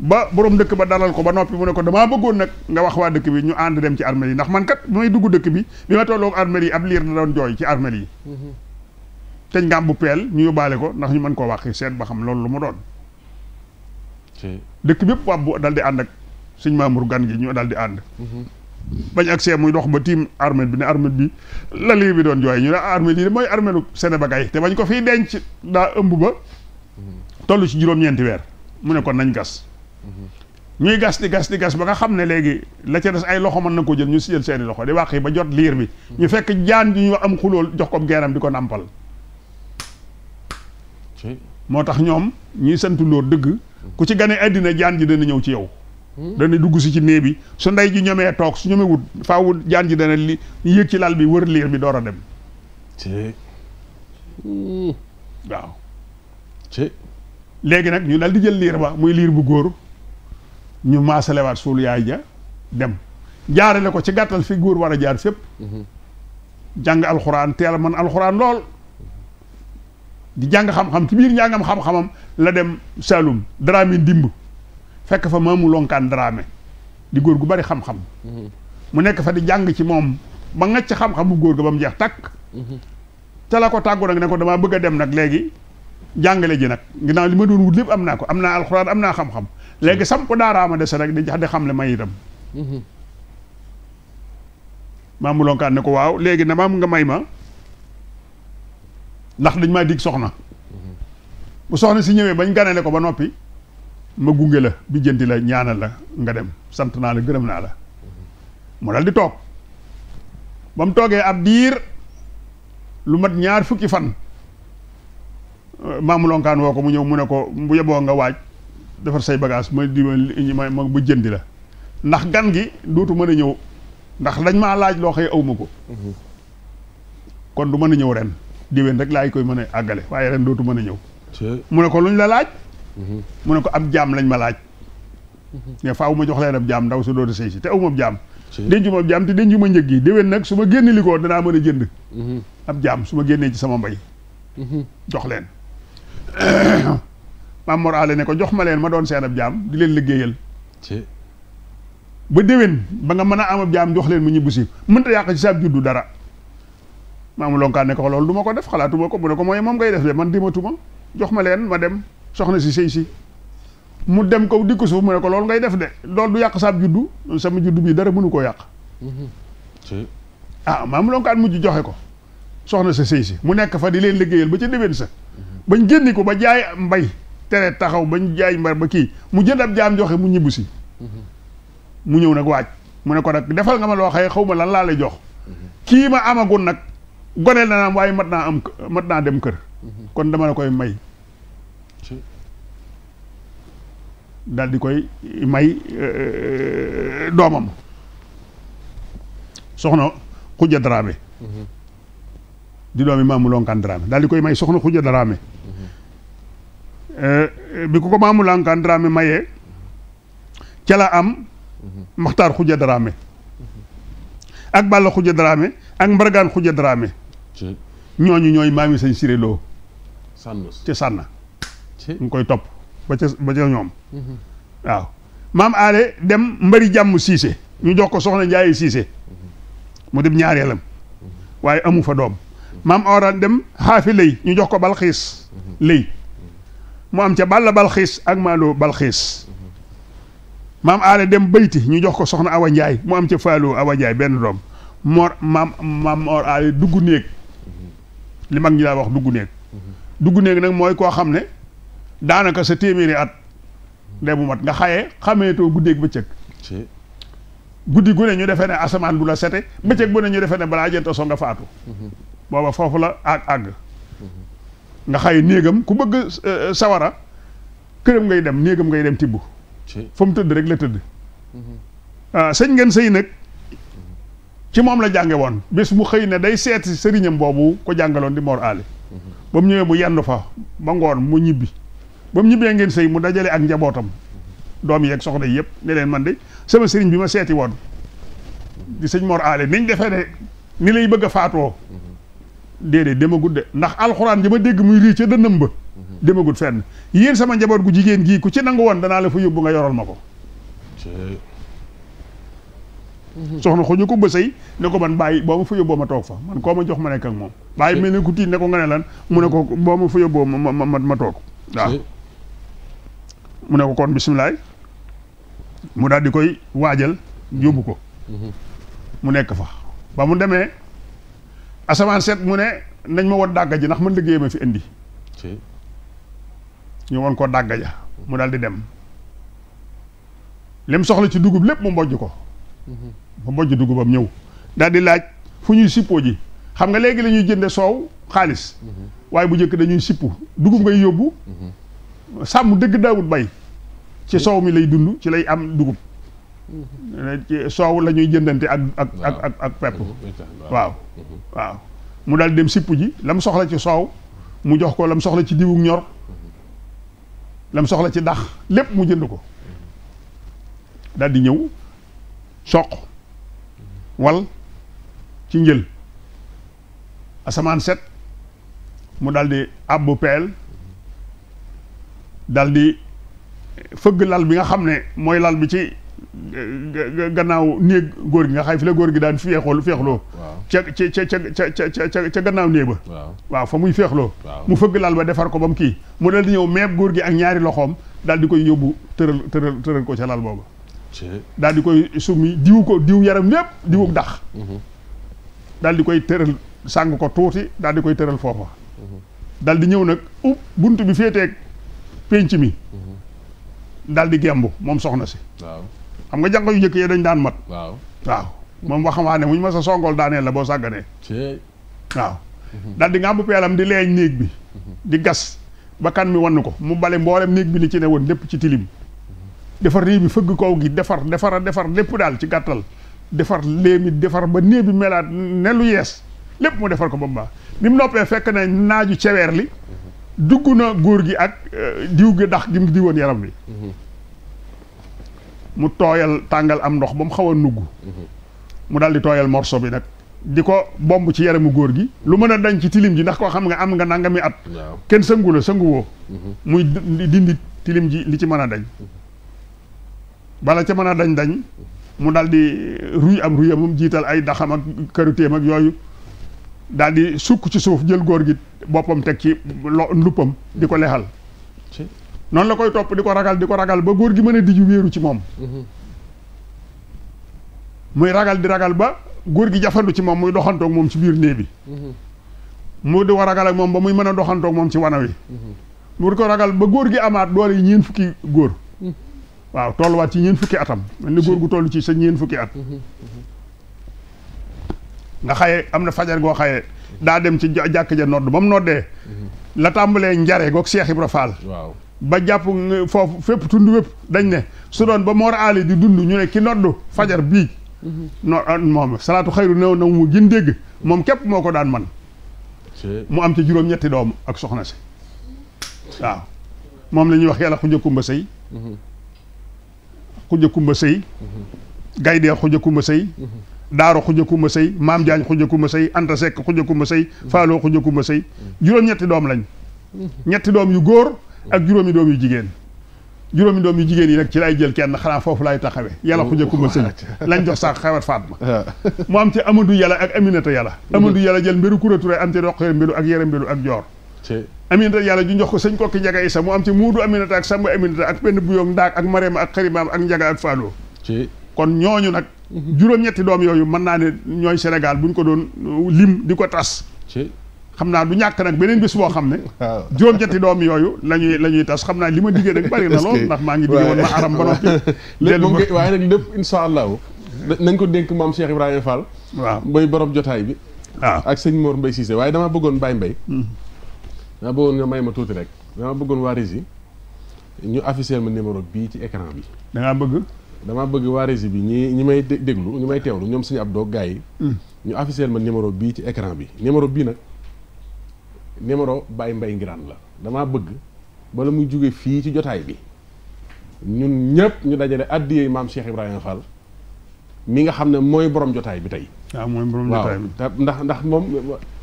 ba borom dëkk ba dalal ko ba noppi mu ne ko damaa bëggoon nag nga wax waa dëkk bi ñu ànd dem ci armel yi ndax man kat bi may dëkk bi bi ma tolloog armel yi ab liir na doon jooy ci armel yi mhm. te bu pel ñu yóbbaale ko ndax ñu mën ko waxé sét ba xam loolu lu mu doon dëkk bëpp wa dal daldi and ak suñ maamur gan gi ñu dal and mm-hmm. bañ ak sé muy dox ba tim armée bi né armée bi la li bi doon joy ñu né armée li moy armée lu Sénébagay té bañ ko fi denc da ëmb ba mm-hmm. tollu ci juroom ñeenti wër mu né kon nañ gas mm-hmm. ñuy gas di gas di gas ba nga xam ne la ci dess ay loxo mën na ko jël ñu si jël loxo di wàq ba jot lire bi ñu fekk jaan ñu am xulol jox ko geeram di nampal moo tax ñoom ñiy sant lóor dëgg ku ci gane àddina jaan ji dana ñëw ci yow hmm? dana dugg si ci néeg bi su ndey ji ñomee toog su ñomee wut faawu jaan ji dana li yéeg ci lal bi wër liir bi door a dem hmm. léegi nag ñu dal di jël liir ba muy liir bu góor ñu maasalewaat suul yaay ja dem jaarale ko ci gàttal fi góor war a jaar fépp jàng alxuraan teel a mën alxuraan lool di jàng xam-xam ci biir njàngam xam-xamam la dem Saloum Dramé dimb fekk fa maamu lonkaan Dramé di góor gu bari xam-xam mm-hmm. mu nekk fa di jàng ci moom ba ngacc xam-xam bu góor ga ba mu jeex takk te mm-hmm. la ko tàggu nag ne ko damaa bëgg a dem nag léegi jàngale ji nag ginnaaw li ma doon wut lépp am naa ko am naa alxuraan am naa xam-xam léegi mm-hmm. sam ko daaraama dese rek di di xam le may itam maamu lonkaan ne ko waaw léegi na maam nga may ma ndax dañ maa dig soxna bu soxna si ñëwé bañ gané ko ba nopi ma gungé la bi jënti la ñaanal la nga dem sant na la gërëm na la mo dal di tok bam togué ab diir lu mat ñaar fukki fan maamu lonkan woko ko mu ñëw mu ne ko bu yeboo nga waaj defar say bagage ma di ma ma bu jëndi la ndax gan gi dootu mëna ñëw ndax lañ ma laaj lo xey awmako mhm. kon du mëna ñëw ren déwén rek laay koy mën a àggale waaye ren dootu mën a ñëw mu ne ko luñ la laaj mhm. mu ne ko am jaam lañ ma laaj ne faaw ma jox leen ab jaam ndaw si dootu sëy si te aw ma jaam dencu ma jaam te dencu ma njëg yi déwén nag su ma génne li mën a jënd mhm. ab jaam su ma génnee ci sama mbay mhm. jox leen maam Mor Allé ne ko jox ma leen ma doon seen ab jaam di leen liggéeyal ba déwén ba nga mën a am ab jaam jox leen mu ñibbu si mënta yàq ci sa ab juddu dara Mamu lonkaan ne ko lolou duma ko def xalaatuma ko mu ne ko moy mom ngay def le man dimatuma jox ma len ma dem soxna ci sey ci mu dem ko dikusu suuf mu ne ko lolou ngay def de lolou du yak sa juddu sama juddu bi dara munu ko yak ah maamu mu ju joxe ko soxna ci sey ci mu nek fa di len liggeyel ba ci deben sa bañ génni ko ba jaay mbay tere taxaw bañ jaay mbar ba ki mu jëndab joxe mu ñibusi mu ñew nak waaj mu ne ko nak defal nga ma lo xey xawma lan la lay jox mhm. ma gone na am waaye mat naa am mat naa dem kër. Mhm. kon dama la koy may. daal di koy may eh, eh, doomam soxna Khoudia Dramé. Mhm. di doomi maamu lonkaan Dramé daal di koy may soxna Khoudia Dramé. Mhm. Eh, bi ku ko maamu lonkaan Dramé mayee ca am. Maxtaar Khoudia Dramé. ak Balla Khoudia Dramé ak Mbargaan Khoudia Dramé. ñooñu ñooy maami sëñ Siré Lo ci sànna ñu koy topp ba ca ba ca ñoom mhm. waaw maam aale dem mbari jàmm siise ñu jox ko soxna njaaye siise mhm. mu dem ñaareelam mhm. waaye amu fa doom maam awraan dem xaafi lëy ñu jox ko balxiis lëy mu am ca balla xiis ak maaloo balxiis maam aale dem bayti ñu jox ko soxna awa njaay mu am ca faaloo awa njaay benn doom moor maam maam moor aale dugg néeg li mag ñi daa wax dugg néeg dugg néeg nag mooy koo xam ne daanaka sa téeméeri at de bu mat nga xaye xameetoo guddeeg bëccëg guddi gu ne ñu defe ne asamaan bu la sete bëccëg bu ne ñu defee ne balaa jënta so nga faatu mm-hmm. booba foofu la àgg àgg mm-hmm. nga xaye néegam ku bëgg euh, sawara këram ngay dem néegam ngay dem tibb fa mu tëdd rek la tëdd mm-hmm. ah, sëñ ngeen sëy nag ci mom la jànge won bës mu xëy ne day seeti sëriñam bobu ko jàngaloon di Mor ali bam mu bu yandu fa ba ngor mu ñibbi bam mu ngeen sey mu dajalé ak njabotam doom ak soxna yépp né leen man dé sama sëriñ bi ma seeti di sëriñ Mor ali niñ défé né ni lay bëgg faato dédé déma guddé ndax alcorane ji dégg muy rii ca dënnam ba gudd fenn yeen sama njabot gu jigéen gi ku ci nangu woon danaa la fa yobbu nga yoral mako Mhm. soxna xo ñu ko mbësay ne ko man bàyyi boo ma fa yóbboo ma toog fa man koo ma jox ma nekk ak moom bàyyi mel ne ku tiit ne ko nga ne lan mu ne ko boo ma fa yóbboo ma ma ma toog waaw mu ne ko kon bisimilah mu daal di koy waajal yóbbu ko mhm. mu nekk fa ba mu demee asamaan seet mu ne nañ ma woon dàgga ji ndax man liggéey ma fi indi ñu woon ko dàgga ja mu daal di dem lim soxla ci dugub lépp mu mbojj ko ba mbojj dugubam ñëw daal di laaj fu ñuy sippoo ji xam nga léegi lañuy ñuy jënde soow xaalis waaye bu njëkk dañuy sippu dugub ngay yóbbu sàmm dëgg daawut bay ci soow mi lay dund ci lay am dugub soow la ñuy jëndante ak ak ak ak pepp mhm. mhm. waaw mu daal dem sipp ji la mu soxla ci soow mu jox ko la mu soxla ci diwu ñor la mu soxla ci dax lépp mu jënd ko mhm. daldi ñëw soq wal ci njël asamaan set mu daldi àbbu peel di fëgg lal bi nga xam ne mooy lal bi ci gannaaw néeg góor gi nga xay fi la góor gi daan féexoo féexloo ca ca ca ca ca ca gannaaw néeg ba waaw fa muy féexloo mu fëgg lal ba defar ko ba kii mu di ñëw meeb góor gi ak ñaari loxoom daldi koy yóbbu tëral tëral tëral ko ca lal booba daal di koy summi diw ko diw yaram yépp diwu dax mhm. daal di koy tëral sàng ko tuuti daal di koy tëral foofa mhm. daal di ñëw nag ub bunt bi féeteeg pénc mi mhm. daal di gemb moom soxna si xam nga jànq yu njëkk yee dañ daan mat waaw waaw moom waxamaa ne muñ ma sa songool daaneel la boo sàgganee waaw daal di nga am peelam di leeñ néeg bi di gas ba kan mi wann ko mu bale mboolem néeg bi li ci ne woon lépp ci tilim defar réew mi feug ko gi defar defar defar lepp dal ci gàttal defar lemi defar ba ne bi melat ne lu yes lepp mo defar ko bamba mu noppé ni fekk na naaju ceweer li duguna na góor gi ak euh, diw gi dakh gi di won yaram bi mhm. mu toyal tangal am ndox bam xawa nugu mu mhm. dal di toyal morso bi nak diko ko bomb ci yaramu góor gi lu meuna dañ ci tilim ji ndax ko xam nga am nga nangami at ken sëngu la wo mhm. muy dindi tilim ji li ci meuna dañ bala ci mëna dañ dañ mu daldi di ruy am ruyamam jital ay daxam ak karutem ak yoyu daldi di sukk ci suuf jël gor gi bopam tek ci lo diko di non la koy top di ragal di ragal ba gor gi mëna diju wëru ci mom mm-hmm. muy ragal di ragal ba gurgi gi jafandu ci mom muy doxantok mom ci bir mm-hmm. mu di waragal ragal ak mom ba muy mëna a mom ci wanawi mm-hmm. mu ko ragal ba gor gi amaat doole ñeen fukki gor waaw tolluwaat ci ñeen fukki atam mel ni góor gu toll ci sa ñeen fukki at mhm. nga xaye am na fajar goo xaye daa dem ci jàkk ja nodd ba mu noddee mhm. la tàmbalee njare goog seex Ibra Fall waaw ba jàpp foofu fépp tund wépp dañ ne su doon ba Mor Ali di dund ñu ne ki nodd fajar bii mhm. no moom salaatu xayru néew na mu gën dégg moom képp moo ko daan man mu am ci juróom-ñetti doom ak soxna si waaw moom la ñuy wax yàlla ku njëkkumba sëy xuja kumba sëy mhm. gaydee xuja kumba sëy mhm. daaro xuja kumba sëy maam jaañ xuja kumba sëy anta sekk xuja kumba sëy mhm. faaloo xuja kumba sëy juróom-ñetti doom lañ ñetti doom yu góor ak juróomi doom yu jigéen juróomi doom yu jigéen yi nag ci lay jël kenn xanaa foofu lay taxawe yàlla xuja kumba sëy lañ jox sax xawat Fatma mu am ci Amadou yàlla ak Aminata yàlla Amadou yàlla jël mbiru Koura Touré am ci doq mbiru ak yere mbiru ak joor aminata yàlla ju jox ko sëñ kokki njaga sax mu am ci muudu aminata ak samba aminata ak penn buyoog ndaak ak marema ak xarimaam ak njaga ak faaloo kon ñooñu nag juróom-ñetti doom yooyu man naa ne ñooy Sénégal bu ñu ko doon uh, lim di ko tas xam naa du ñàkk nag beneen bis boo xam ne juróom-ñetti doom yooyu lañuy la ñuy tas xam naa li ma diggee nag bari na lool ndax maa ngi diggee woon ma aram ba noppi léegi waaye nag lépp insha allahu nañ ko dénk moom Cheikh Ibrahima Fall waaw mbay borom jotaay bi ak sëñ Mor Mbaye Cissé waaye dama bëggoon Baye Mbaye hmm. dama bëggoon nga may ma tuuti rek dama bëggoon waa ñu afficher ma numéro bii ci ecran bi. da bëgg. damaa bëgg waa Régie bi ñi ñi may déglu ñu may teewlu ñoom suñu ab doog gars hmm. ñu afficher ma numéro bii ci écran bi numéro bii nag numéro Baye mbay Ngiraan la damaa bëgg bala muy jóge fii ci jotaay bi ñun ñëpp ñu dajale addiyee maam Cheikh Ibrahima Fall. mi nga xamne moy borom jotay bi tay ah moy borom jotay bi ndax ndax mom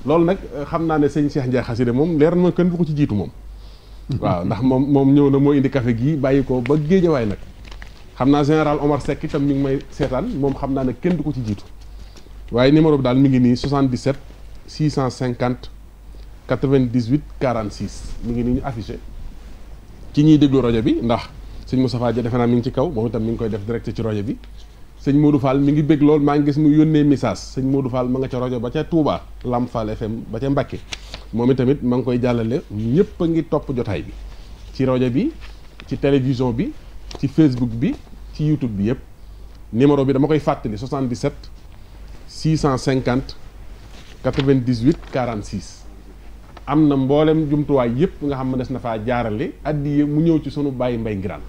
loolu nak eh, xamna ne seigne Cheikh Ndiaye xaside mom leer na kenn du ko ci jitu mom waaw ndax mom mom ñew na moo indi café gii bayiko ba géejawaay way nak xamna general Omar sekki tam mi ngi may setan mom xamna ne kenn du ko ci jitu waye numéro bi mi ngi ni 77 650 98 46 mi ngi ni ñu afficher ci ñi deglu rajo bi ndax seigne Moustapha Dia defe mi ngi ci kaw mom tam mi ngi koy def direct ci rajo bi. sëñ Modou Fall ngi bëgg lool maa ngi gis mu yónnee message sëñ Modou Fall ma nga ca rajo ba ca Touba Lam Fall FM ba ca Mbacké moom itamit ma ngi koy jàllale ñëpp a ngi topp jotaay bi ci rajo bi ci télévision bi ci Facebook bi ci YouTube bi yëpp numéro bi dama koy fàttali 77 650 98 46 am na mboolem jumtuwaay yëpp nga xam ne des na faa jaarale addiye mu ñëw ci sunu bàyyi mbay ngiraan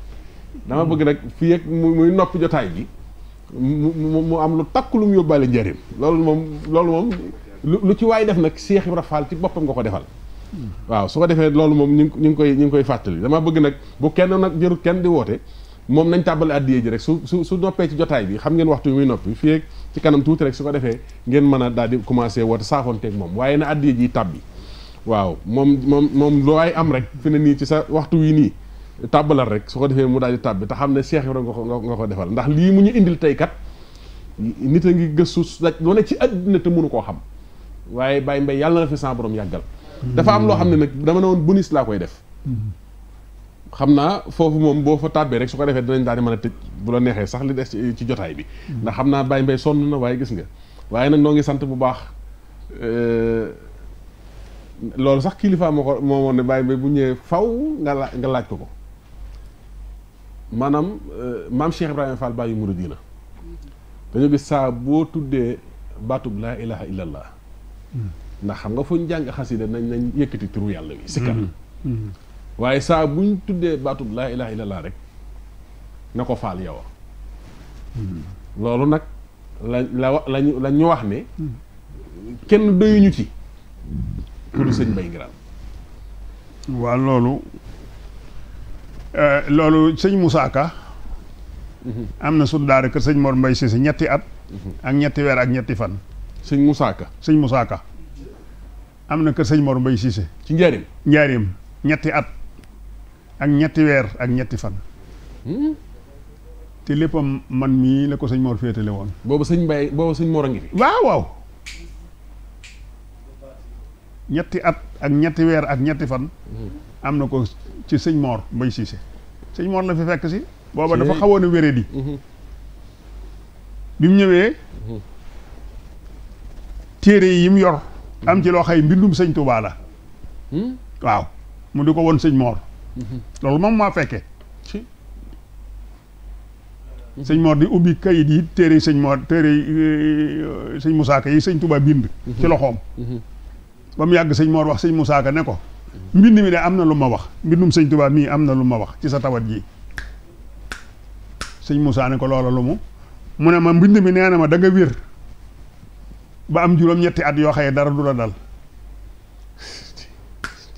dama bëgg nag fii ak jotaay bi. mu mu am lu takk lu mu yóbbaale njëriñ loolu moom loolu moom lu ci waay def nag Cheikh Ibra Fall ci boppam nga ko defal waaw su ko defee loolu moom ñu ngi ñu ngi koy ñu ngi koy fàttali dama bëgg nag bu kenn nag jërul kenn di woote moom nañ tàbbale addiyee ji rek su su su noppee ci jotaay bi xam ngeen waxtu muy noppi fii ci kanam tuuti rek su ko defee ngeen mën a daal di commencé woote saafonteeg moom waaye na addiyee ji tàbbi waaw moom moom moom loo ay am rek fi ne nii ci sa waxtu wi nii tàbbalal rek su ko defee mu daal di tàbbi te xam ne Cheikh Ibrahima nga nga ko defal ndax lii mu ñu indil tey kat nit a ngi gëstu daj loo ci àddina te mënu koo xam waaye Baye Mbaye yàlla na fi sa borom yàggal. dafa am loo xam ne nag dama ne woon bonus laa koy def. xam naa foofu moom boo fa tàbbee rek su ko defee dinañ daal mën a tëj bu la neexee sax li des ci jotaay bi. ndax xam naa Baye Mbaye sonn na waaye gis nga waaye nag noo ngi sant bu baax. Euh, loolu sax kilifaa moo ko moo moon ne Baye Mbaye bu ñëwee faw nga nga laaj ko ko. maanaam euh, maam Cheikh Ibrahima Fall bàyyi muridina dañu gis saa boo tuddee baatub laa ilaha illallah ndax xam nga fooñ ñu jàng xasida nañ nañ yëkkati turu yàlla wi sikkar mm-hmm. mm-hmm. waaye saa buñ tuddee baatub laa ilaha illallah rek na ko faal yow mm-hmm. loolu nag la la lañu ñu wax ne kenn doyuñu ci pour sëñ Mbay Ngiraan waa loolu Euh, loolu sëñ Moussa Ka mhm. am na sunu daara kër sëñ Mor Mbaye Cissé ñetti at. Mhm. ak ñetti weer ak ñetti fan. sëñ Moussa sëñ Moussa Ka am na kër sëñ Mor Mbaye Cissé. ci njaarim njaarim ñetti at ak ñetti weer ak ñetti fan. Hmm? te léppam man mii la ko sëñ Mor féetale woon. boobu sëñ Mbaye boobu sëñ Mor a ngi fi. waaw waaw. ñetti at ak ñetti weer ak ñetti fan. Hmm. am na ko ci sëñ Mor Mbay Siise sëñ Mor la fi fekk si booba dafa xawoon a wéré mhm. bi mu ñëwee mhm. téere yi mu yor am ci loo xay mbindum sëñ Tuubaa la hmm? waaw mu di ko woon sëñ moor mhm. loolu moom maa fekkee sëñ Mor di ubbi kayit yi téere sëñ Mor téere euh, sëñ Musaa Ka yi sëñ Tuubaa bind ci loxoom ba mu yàgg sëñ moor wax sëñ Musaa ne ko mbind mi de am na lu ma wax mbindum sëñ Tuubaa mii am na lu ma wax ci sa tawat ji sëñ Moussa ne ko loola lu mu mu ne ma mbind mi nee na ma da nga wér ba am juróom-ñetti at yoo xëye dara du la dal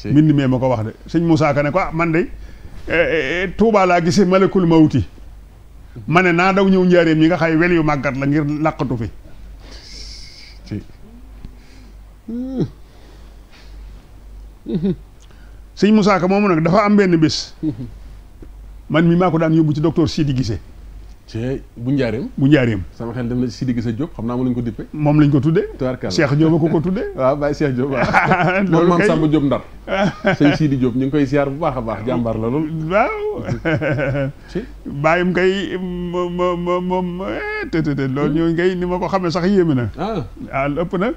mbind mee ma ko wax de sëñ Moussa ka ne ko ah man de eh, eh, eh, Tuubaa laa gise gisee malakul wuti ma ne naa daw ñëw njaareem yi nga xay wel yu màggat la ngir làqatu fi sëñ Moussa Ka moomu nag dafa am benn bés. man mi maa ko daan yóbbu ci docteur Sidi Gissé. ci bu njaareem bu njaareem sama xel dem na Sidi Gissé Diop xam naa mu lañ ko dippe moom lañ ko tuddee tubaarkàlla Cheikh ko ko tuddee waaw Baye Cheikh Diop waaw loolu maam Samba Diop Ndar sëñ Sidi Diop ñu ngi koy siyaar bu baax a baax jàmbaar la loolu waaw bàyyim kay moom moom eh, te te te loolu hmm? ñooñu kay ni ma ko xamee sax yéeme na ah ëpp na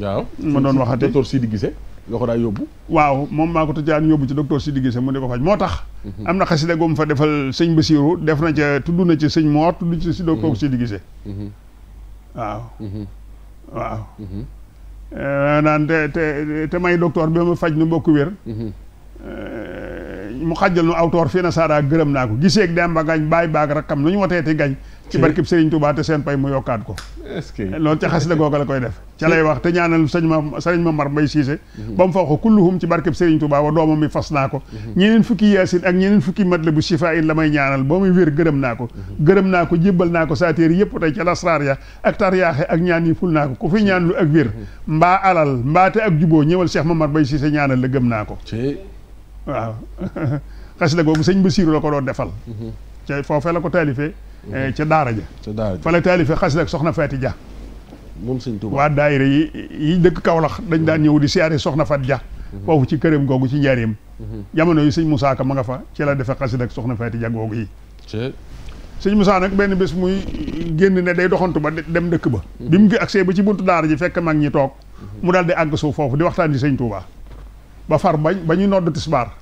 waaw. ma doon waxate docteur Sidi Guissé nga ko daa yóbbu. waaw moom maa ko tëjaan yóbbu ci docteur Sidi Guissé mu di ko faj moo tax. Mhm. am na xasida goom fa defal sëñ Basiiru def na ca tudd na ci sëñ Moor tudd ci si docteur mhm. Sidi Guissé. Mhm. waaw. waaw. naan te te te may docteur bi ma faj nu mbokk wér. mu xàjjal nu awtoor fii na Saara gërëm naa ko gisee ak Demba Gañ bàyyi baag rakkam nu ñu wotee te gañ. ci barkib Serigne Touba te seen pay mu yokkaat ko. est-ce que loolu ca xasida googa la koy def. ca lay wax te ñaanal sëñ ma sëriñ ma Mar Mbay Siise. Mhm. ba mu fa wax kulluhum ci barkib Serigne Touba wa doomam mi fas naa ko. Mhm. ñeneen fukki yaasin ak ñeneen fukki matla bu shifa in la may ñaanal boo muy wér gërëm naa ko. Mhm. gërëm naa ko jébbal naa ko saatéer yëpp tey ca lasraar ya ak tariyaaxe ak ñaan yi ful naa ko ko fi ñaan lu ak wér. mbaa alal mbaate ak juboo ñëwal Cheikh ma Mbay Siise ñaanal la gëm naa ko. waaw xasida googu sëñ Basiiru la ko doon defal. Eh, ca daara ja ca daara fa la taalife xasida ak soxna Faati Ja moom sëñ waa daayira yi yi dëkk Kaolack dañ daan ñëw di siyaare soxna Faati Ja mhm. foofu ci këram googu ci njaareem mhm. jamono yi sëñ Moussa Ka ma nga fa ci la defe xasida ak soxna Faati Ja googu yi sëñ Moussa nag benn bés muy génn ne day doxantu ba dem dëkk ba mhm. bi mu agsee ba ci buntu daara ji fekk mag ñi toog mu dal di àgg suuf foofu di waxtaan di sëñ Tuuba ba far bañ ba ñuy nodd tisbaar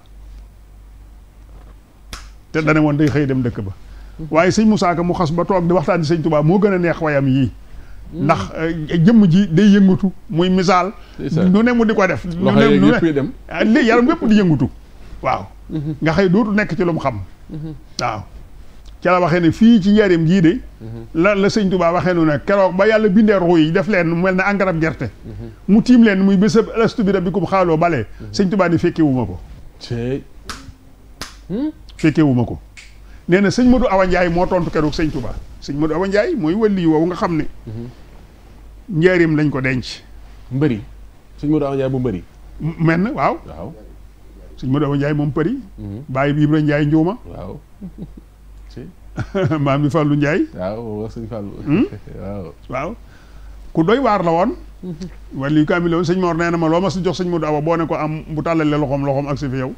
te dane woon day xëy dem dëkk ba waaye sëñ Moussa Ka mu xas ba toog di waxtaan ci sëñ Touba moo gën a neex wayam yii hmm. ndax eh, jëmm ji day yëngatu muy misaal nu ne mu di ko def nu ne nu ne ah, yaram wépp di yëngatu waaw mm-hmm. nga xëy dootu nekk ci lu xam mm-hmm. waaw ca la waxee ni fii ci njaareem jii de mm-hmm. la la sëñ Touba waxee nu ne keroog ba yàlla bindee ruu yi def leen mel ne angarab gerte mu tiim leen muy bésab ëstu bi rabbikum xaaloo balee sëñ Touba ni fekkee ko hmm? fekkewuma ko nee na sëñ Modou Awa njaay moo tontu keroog sëñ Touba sëñ Modou Awa Ndiaye mooy wëlli woowu nga xam ne. njaareem lañ ko denc. mbëri sëñ Modou Awa bu mbëri. menn waaw. waaw sëñ Modou Awa Ndiaye moom përi. bàyyi bi Ibra Ndiaye njuuma. waaw. maam bi Fallou Ndiaye. waaw sëñ Fallou. Hmm? waaw waaw. ku doy waar la woon. Mm-hmm. wàllu kaamil woon sëñ Mor nee na ma loo ma si jox sëñ Modou Awa boo ne ko am bu tàllalee loxoom loxoom ak si fi yow.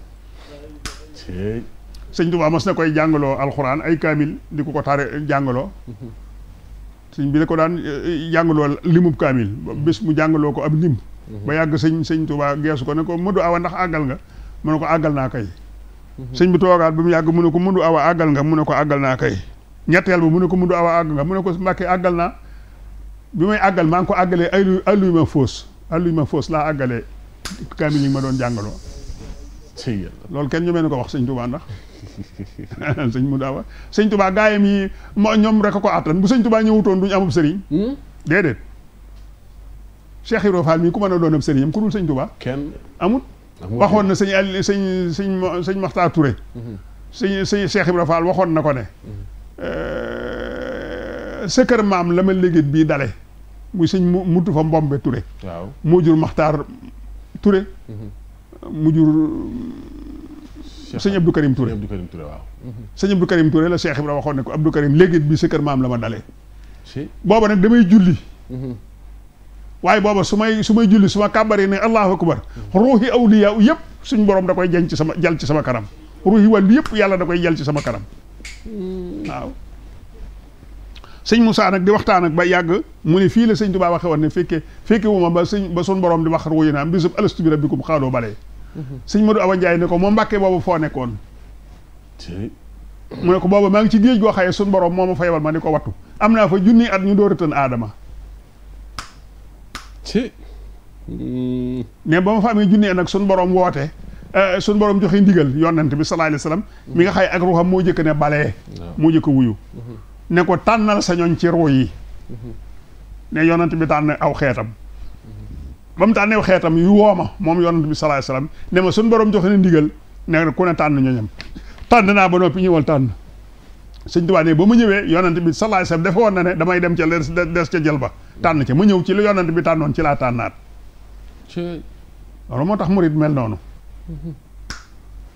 sëñ Tuubaa mas na koy jàngaloo alxuraan ay kaamil di ko ko taare jàngaloo sëñ bi da ko daan eh, eh, jàngaloo limub kaamil bés mu jàngaloo ko ab lim ba yàgg sëñ sëñ Tuubaa geesu ko ne ko mëdu awa ndax àggal nga mu ne ko àggal naa kay sëñ bi toogaat ba mu yàgg mu ne ko mëdu awa àggal nga mu ne ko àggal naa kay ñetteel ba mu ne ko mëdu awa àggal nga mu ne ko mbàkke àggal naa bi may àggal maa ngi ko àggalee allu alluy ma foos alluy ma foos laa àggalee kaamil yi ma doon jàngaloo loolu kenn ñu mel ko wax sëñ Tuubaa ndax sëñ mu daawa sëñ tubaa gaayam yi ñoom rek a ko attan bu sëñ tubaa ñëwutoon duñu amub sëriñ hmm? déedéet Cheikh Ibra Fall mii ku mën a doon ab sëñ tubaa kenn amut waxoon na sëñ al sëñ sëñ sëñ Maxtaar Touré hmm. sëñ sëñ Cheikh Ibra Fall waxoon na ko ne hmm. euh, sa kër maam la ma léegi bii dale muy sëñ mu mutu fa mbombe Touré waaw Maxtaar Touré mu sëñ Abdou Karim Touré Abdou Karim Touré waaw sëñ Abdou Karim Touré la Cheikh Ibrahima ne ko Abdou Karim léegi bi sa kër am la ma dalee booba nag damay julli mhm. waaye booba su may su may julli su ma kàbbaree ne allahu akbar ruuxi awliya yëpp suñ borom da koy jël ci sama jal ci sama kanam ruuxi wàllu yëpp yàlla da koy jal ci sama kanam mm. waaw sëñ Moussa nag di waxtaan ak ba yàgg mu ne fii la sëñ Tuubaa waxe woon ne fekke fekke wu ma ba sëñ ba suñ borom di wax ruuyi naam bisub alastu bi rabbikum xaadoo sëñ Modou Awa Ndiaye ne ko moom Mbàkke boobu foo nekkoon. mu ne ko boobu maa ngi ci géej goo xaye suñ borom moo ma fa yebal ma di ko wattu am naa fa junni at ñu door a tën aadama. ci. ne ba ma fa amee junni at nag suñ borom woote. Eh, sun borom joxe ndigal yonent bi sallallahu alayhi wasallam mi nga xaye ak ruuxam moo jëkk ne balee. moo jëkk wuyu. Mhm. ne ko tànnal sa ñoñ ci ruu yi. Mhm. ne yonent bi tànn aw xeetam. bam mu tànneew xeetam yu woma mom moom yonent bi salaay salaam ne ma sun borom joxe na ndigal ne ko ne tànn ñooñam tan na ba nopi ñewal tan señ tuba ne bama mu ñëwee yonent bi salaay salaam dafa woon na ne damay dem ci ca des ci jël ba tan ci ma ñëw ci lu yonent bi tànnoon ci la tanat ci moo motax mourid mel nonu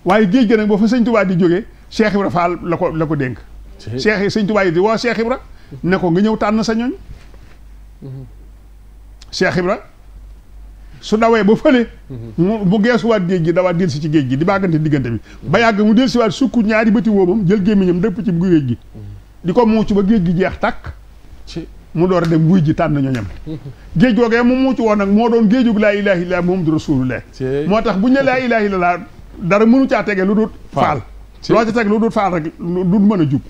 waye geej gi nak bo fa señ tuba di joggé Cheikh Ibra Fall lako lako denk Cheikh señ tuba yi di wa Cheikh Ibra ne ko nga ñëw tan sa ñooñ mm-hmm. Cheikh Ibra su dawee ba fële mu geesuwaat géej gi dawaat si ci géej gi di baagante diggante bi ba yàgg mu delsiwaat sukku ñaari bëti woomam jël gémmiñam dëpp ci bu géej gi di ko muuc ba géej gi jeex tàkk mu door a dem wuy ji tànn ñoñam géej googee mu muuc woon nag moo doon géejug laa ilaaha illallaah muhammadu rasulullah moo tax bu ñu ne laa ilaaha laa dara mënu caa tege lu dul faal loo ca teg lu dul faal rek du mën a jub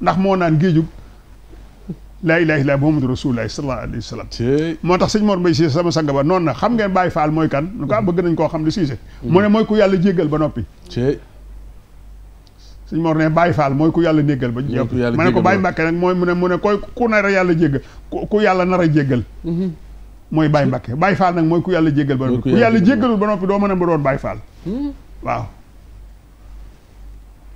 ndax moo naan géejug laa ilaaha illallaah muhammadu rasulullaah sallallaahu alayhi wa sallam moo tax sëñ Mor ba Cissé sama sang ba noon na xam ngeen Baye Fall mooy kan nu ko am bëgg nañ xam ne Cissé mu ne mooy ku ba noppi sëñ Mor ne Baye Fall mooy ku yàlla néggal ba ñu ma ne ko Baye Mbàkke nag mooy mu ne mu ne koy ku nar a yàlla jéggal ku yàlla nar a jéggal mm-hmm. mooy Baye Mbàkke Baye faal nag mooy ku yàlla jéggal ba noppi ku yàlla jéggalul ba noppi doo mën a ba doon Baye Fall mm-hmm. waaw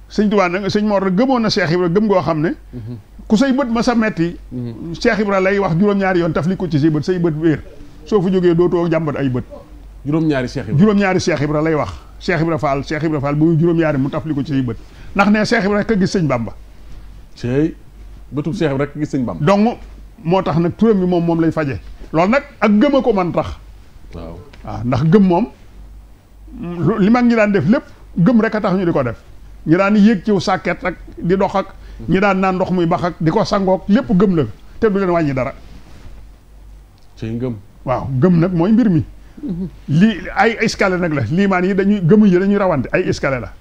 sëñ tuan nag sëñ Mor nag gëmoon na Cheikh Ibra gëm goo xam ne mhm. ku say bët ma sa metti mhm. Cheikh Ibra lay wax juróom-ñaari yoon taf li ko ci say bët say so fu soo fa jógee dootoo jàmbat ay bët juróom-ñaari Cheikh Ibra juróom-ñaari Cheikh Ibra lay wax Cheikh Ibra Fall Cheikh Ibra Fall bu ñaari mu ci ne Cheikh Ibra gis Bamba cey bëtub Cheikh Ibra rek gis Bamba Dong moo tax nag turam bi mom mom lay faje loolu nak ak gëm ko man tax waaw waaw ah, ndax gëm li def rek di def ñi daan yéeg ciw sàkket ak di dox ak ñu daan naan ndox muy bax ak di ko sangoog lépp gëm la te du leen wàññi dara ci ngëm waaw gëm nag mooy mbir mi lii ay escale nag la liimaan yi dañuy gëmuñ yi dañuy rawante ay escale la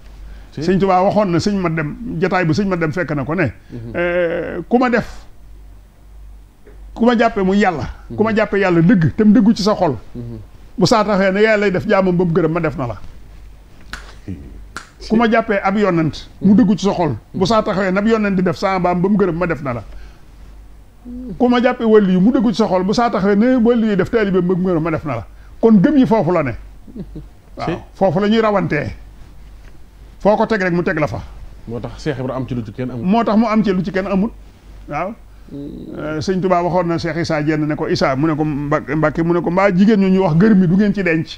sëñ Tuubaa waxoon na sëñ ma dem jataay bu sëñ ma dem fekk na ko ne mhm. eh, ku ma def ku ma jàppee mu yàlla ku ma mhm. jàppe yàlla dëgg te mu dëggu ci sa xol mhm. bu saa taxee ne yàlla lay def jaamam ba mu gërëm ma def na la ku ma jàppee ab yonant mu dugg ci sa bu saa taxawee nab yonant di def saa baam ba mu gërëm ma def na la ma jàppee wàllu yi mu dugg ci sa bu saa taxawee ne wàllu yi def taalibe ba mu gërëm ma def na la kon gëm yi foofu la ne foofu la ñuy rawantee foo ko teg rek mu teg la fa moo tax Cheikh Ibrahima am ci lu ci kenn moo tax mu am ci lu ci kenn amul waaw hmm. eh, sëñ Tuubaa waxoon na Cheikh Issa Dieng ne ko Issa mu ne ko Mbacke mu ne ko mbaa jigéen ñu ñu wax gër mi du ngeen ci denc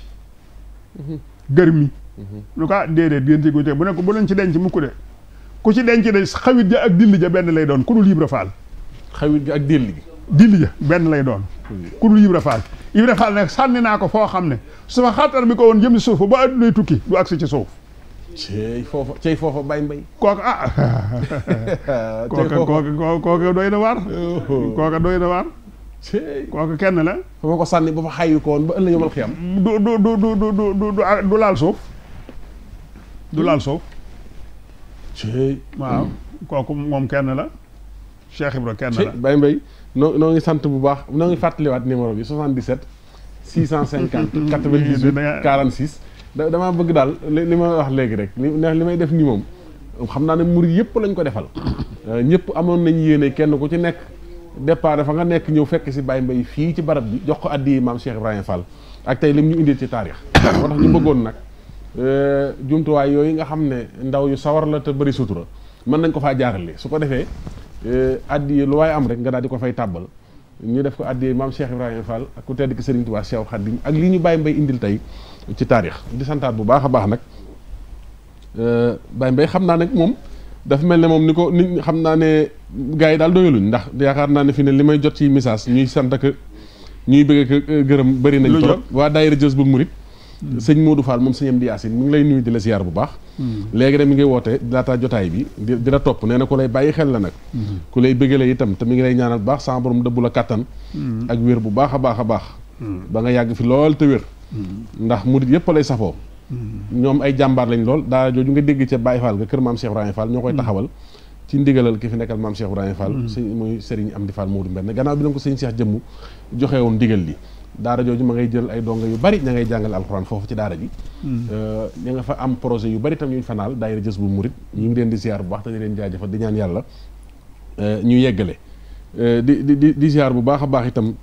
hmm. gër mi Mm-hmm. lu ko ah déedéet diggante guy bu ne ko bu ci denc mukk de ku ci denc de xawit ja ak dilli ja benn lay doon ku dul Ibra Faal xawit ja ak benn lay doon mm-hmm. ku dul Ibra Faal Ibra sànni naa ko foo xam ne su fa xattar bi ko woon jëm si suuf ba addunay tukki du agsi ci suuf cey foofu cey foofa mbay kooka ah kooka kooka kooka doy na waar kooka doy na waar kooka kenn la fa ko sànni ba fa xayu ko woon ba ëllëg yomal xiyam du du du du du du laal suuf du laal mm. soow ci mm. moom kenn la Cheikh Ibra kenn la Baye mbay noo noo ngi sant bu baax noo ngi fàttaliwaat numéro bi 77 650 98 46 da damaa bëgg daal li ma wax léegi rek li may def ni moom xam naa ne murid yëpp lañ ko defal euh, ñëpp amoon nañ yéene kenn ku ci nekk départ dafa nga nekk ñëw fekk si Baye Mbaye fii ci barab bi jox ko addi maam Cheikh Ibrahima Fall ak tey lim ñu indi ci taarix moo bëggoon nag Euh, jumtuwaay yooyu nga xam ne ndaw yu sawar la te bari sutura mën nañ ko faa jaarale su ko defee euh, addi lu waaye am rek nga daal di ko fay tàbbal ñu def ko addi maam Cheikh Ibrahima Fall ak ku tedd ki Serigne Touba Cheikh Khadim ak li ñu bàyyi mbay indil tey ci taarix di santaat bu baax a baax nag euh, bàyyi mbay xam naa ne moom dafa mel ne moom ni ko nit xam naa ne gars yi daal doyaluñ ndax yaakaar naa ne fi ne li may jot ci message ñuy sant ak ñuy bëgg ak gërëm bëri nañ trop waa daayira Jazbul Murid sëñ Modou faal moom sëñ Amdi Yaasin mu ngi lay nuyu di la ziar bu baax mm-hmm. léegi de mi ngi woote laataa jotaay bi di la topp nee na ko lay bàyyi xel la nag mm-hmm. ku lay bëggale itam te mi ngi lay ñaanal bu baax sama borom dëbbu la kàttan mm-hmm. ak wér bu baax a baax a baax ba nga yàgg fi lool te wér ndax murit yëpp lay safoo ñoom ay jàmbaar lañ lool daara jooju nga dégg ca Baye Fall nga kër maam Cheikh Ibrahima Fall ñoo koy taxawal ci ndigalal ki fi nekkal maam Cheikh Ibrahima Fall sëñ mooy Serigne Amdi Fall Modou Mbène gannaaw bi la ko sëñ Cheikh jëmm joxe woon ndigal li daara jooju ma ngay jël ay donga yu bari ña ngay jàngale alxuraan foofu ci daara ji hmm. euh, ña nga fa am projet yu bari tam ñu fanaal naal daayira jës bu murit ñu ngi leen di ziar bu baax leen jaajëfal di ñaan yàlla euh, ñu yeggale euh, di di di bu baax a baax itam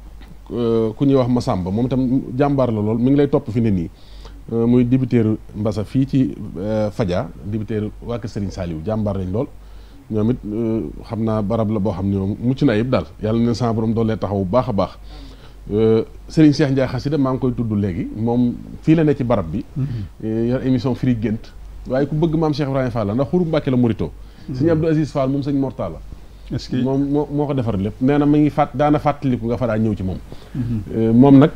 ku ñuy wax ma Masamba moom itam jàmbaar la lool mi ngi lay topp fi ne nii muy débitéeru Mbasa fii ci Fadia débitéeru waa kër Serigne Saliou jàmbaar lañ lool ñoom it xam naa barab la boo xam ne moom mucc na ayib daal yàlla na sama borom doolee taxaw bu baax a baax Euh, Serigne Cheikh Ndiaye xasida maa ngi koy tudd léegi moom fii la ne ci barab bi. Mm-hmm. Euh, yor émission firi gént. waaye ku bëgg maam Cheikh Ibrahima Fall la ndax xuru Mbàkke la Morito. Mm-hmm. sëñ Abdou Aziz Fall moom sëñ Morta la. moom moo ko defar lépp nee na ma ngi fàtt daana fàttaliku nga fa daa ñëw ci moom. Mm-hmm. Euh, moom nag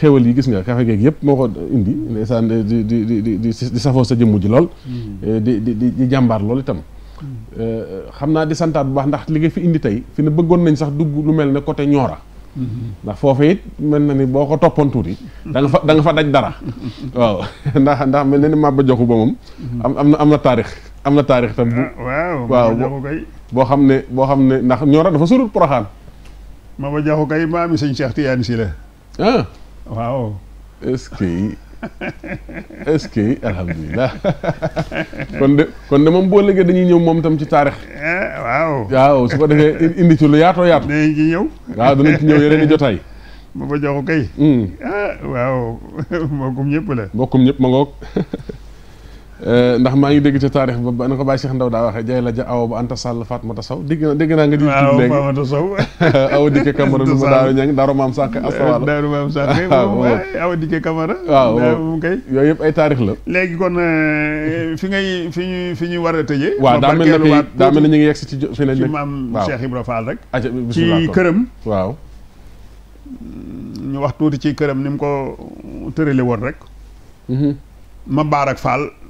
xéewal yi gis nga kafe geeg yëpp moo ko indi ndeysaan di di di di safoo sa jëmm ji lool. di di di jàmbaar lool itam. xam naa di santaat bu baax ndax li nga fi indi tey fi ne bëggoon nañ sax dugg lu mel ne côté Nioro. ndax foofu it mel na ni boo ko toppoon tuuti da fa da fa daj dara waaw ndax ndax mel na ni màbba joxu ba moom am na am na taarix am na taarix tam bu ah, waaw boo xam ne boo xam ne ndax ñoora dafa surut poroxaan màbba joxu kay maami sëñ Cheikh Tidiane si la ah waaw est-ce est-ce kon de kon de moom boo léegi dañuy ñëw moom tam ci taarix. Eh, waaw waaw su ko defee indi ci lu yaatoo yaatu. dinañ ci ñëw. waaw dinañ ci ñëw yeneen i jotaay. ma ba joxu kay. Hmm. ah waaw mbokkum ñëpp la. mbokkum ñëpp ma ngoog. Eh, ndax maa ngi dégg ci taarix ba na ko Baye Cheikh Ndaw daa waxee jay la ja awo ba Anta Sall Fatmata Sow dégg naa dégg naa nga di tudd léegi Fatmata ma daaru ñangi la léegi kon eh, fi ngay fi ñuy fi ñuy war a tëjee waaw daa mel ñu ngi yegg si ci fi nañ ci maam Cheikh Ibra këram waaw wax tuuti ci këram ni mu woon rek mm-hmm. ma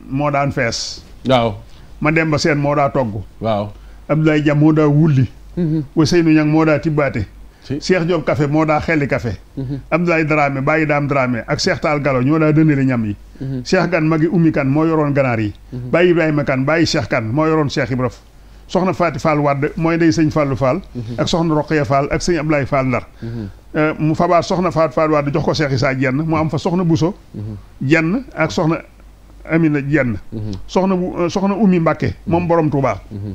moo daan fees. waaw ma dem ba seen moo daa togg. waaw Abdoulaye Dia moo daa wulli. Mhm. Ousseynou Niang moo daa tibbaate. Cheikh Diop café moo daa xelli café. Mhm. Abdoulaye Dramé Baye Dame Dramé ak Cheikh Tall Galo ñoo daa dëndale ñam yi. Mhm. Cheikh Gan magi umi Kane moo yoroon ganaar yi. Baye Ibrahima Kane Baye Cheikh Kane moo yoroon Cheikh Ibra soxna Faati Fall Wad mooy ndey sëñ Fallou Fall. ak soxna Roqiya Fall ak sëñ Abdoulaye Fall Ndar. Euh, mu fabaat soxna Faat Fall Wad jox ko Cheikh Issa jenn mu am fa soxna Bousso. jenn ak soxna Amina Jenn mhm. soxna bu euh, soxna Ummi Mbàkke moom mhm. borom Touba. Mhm.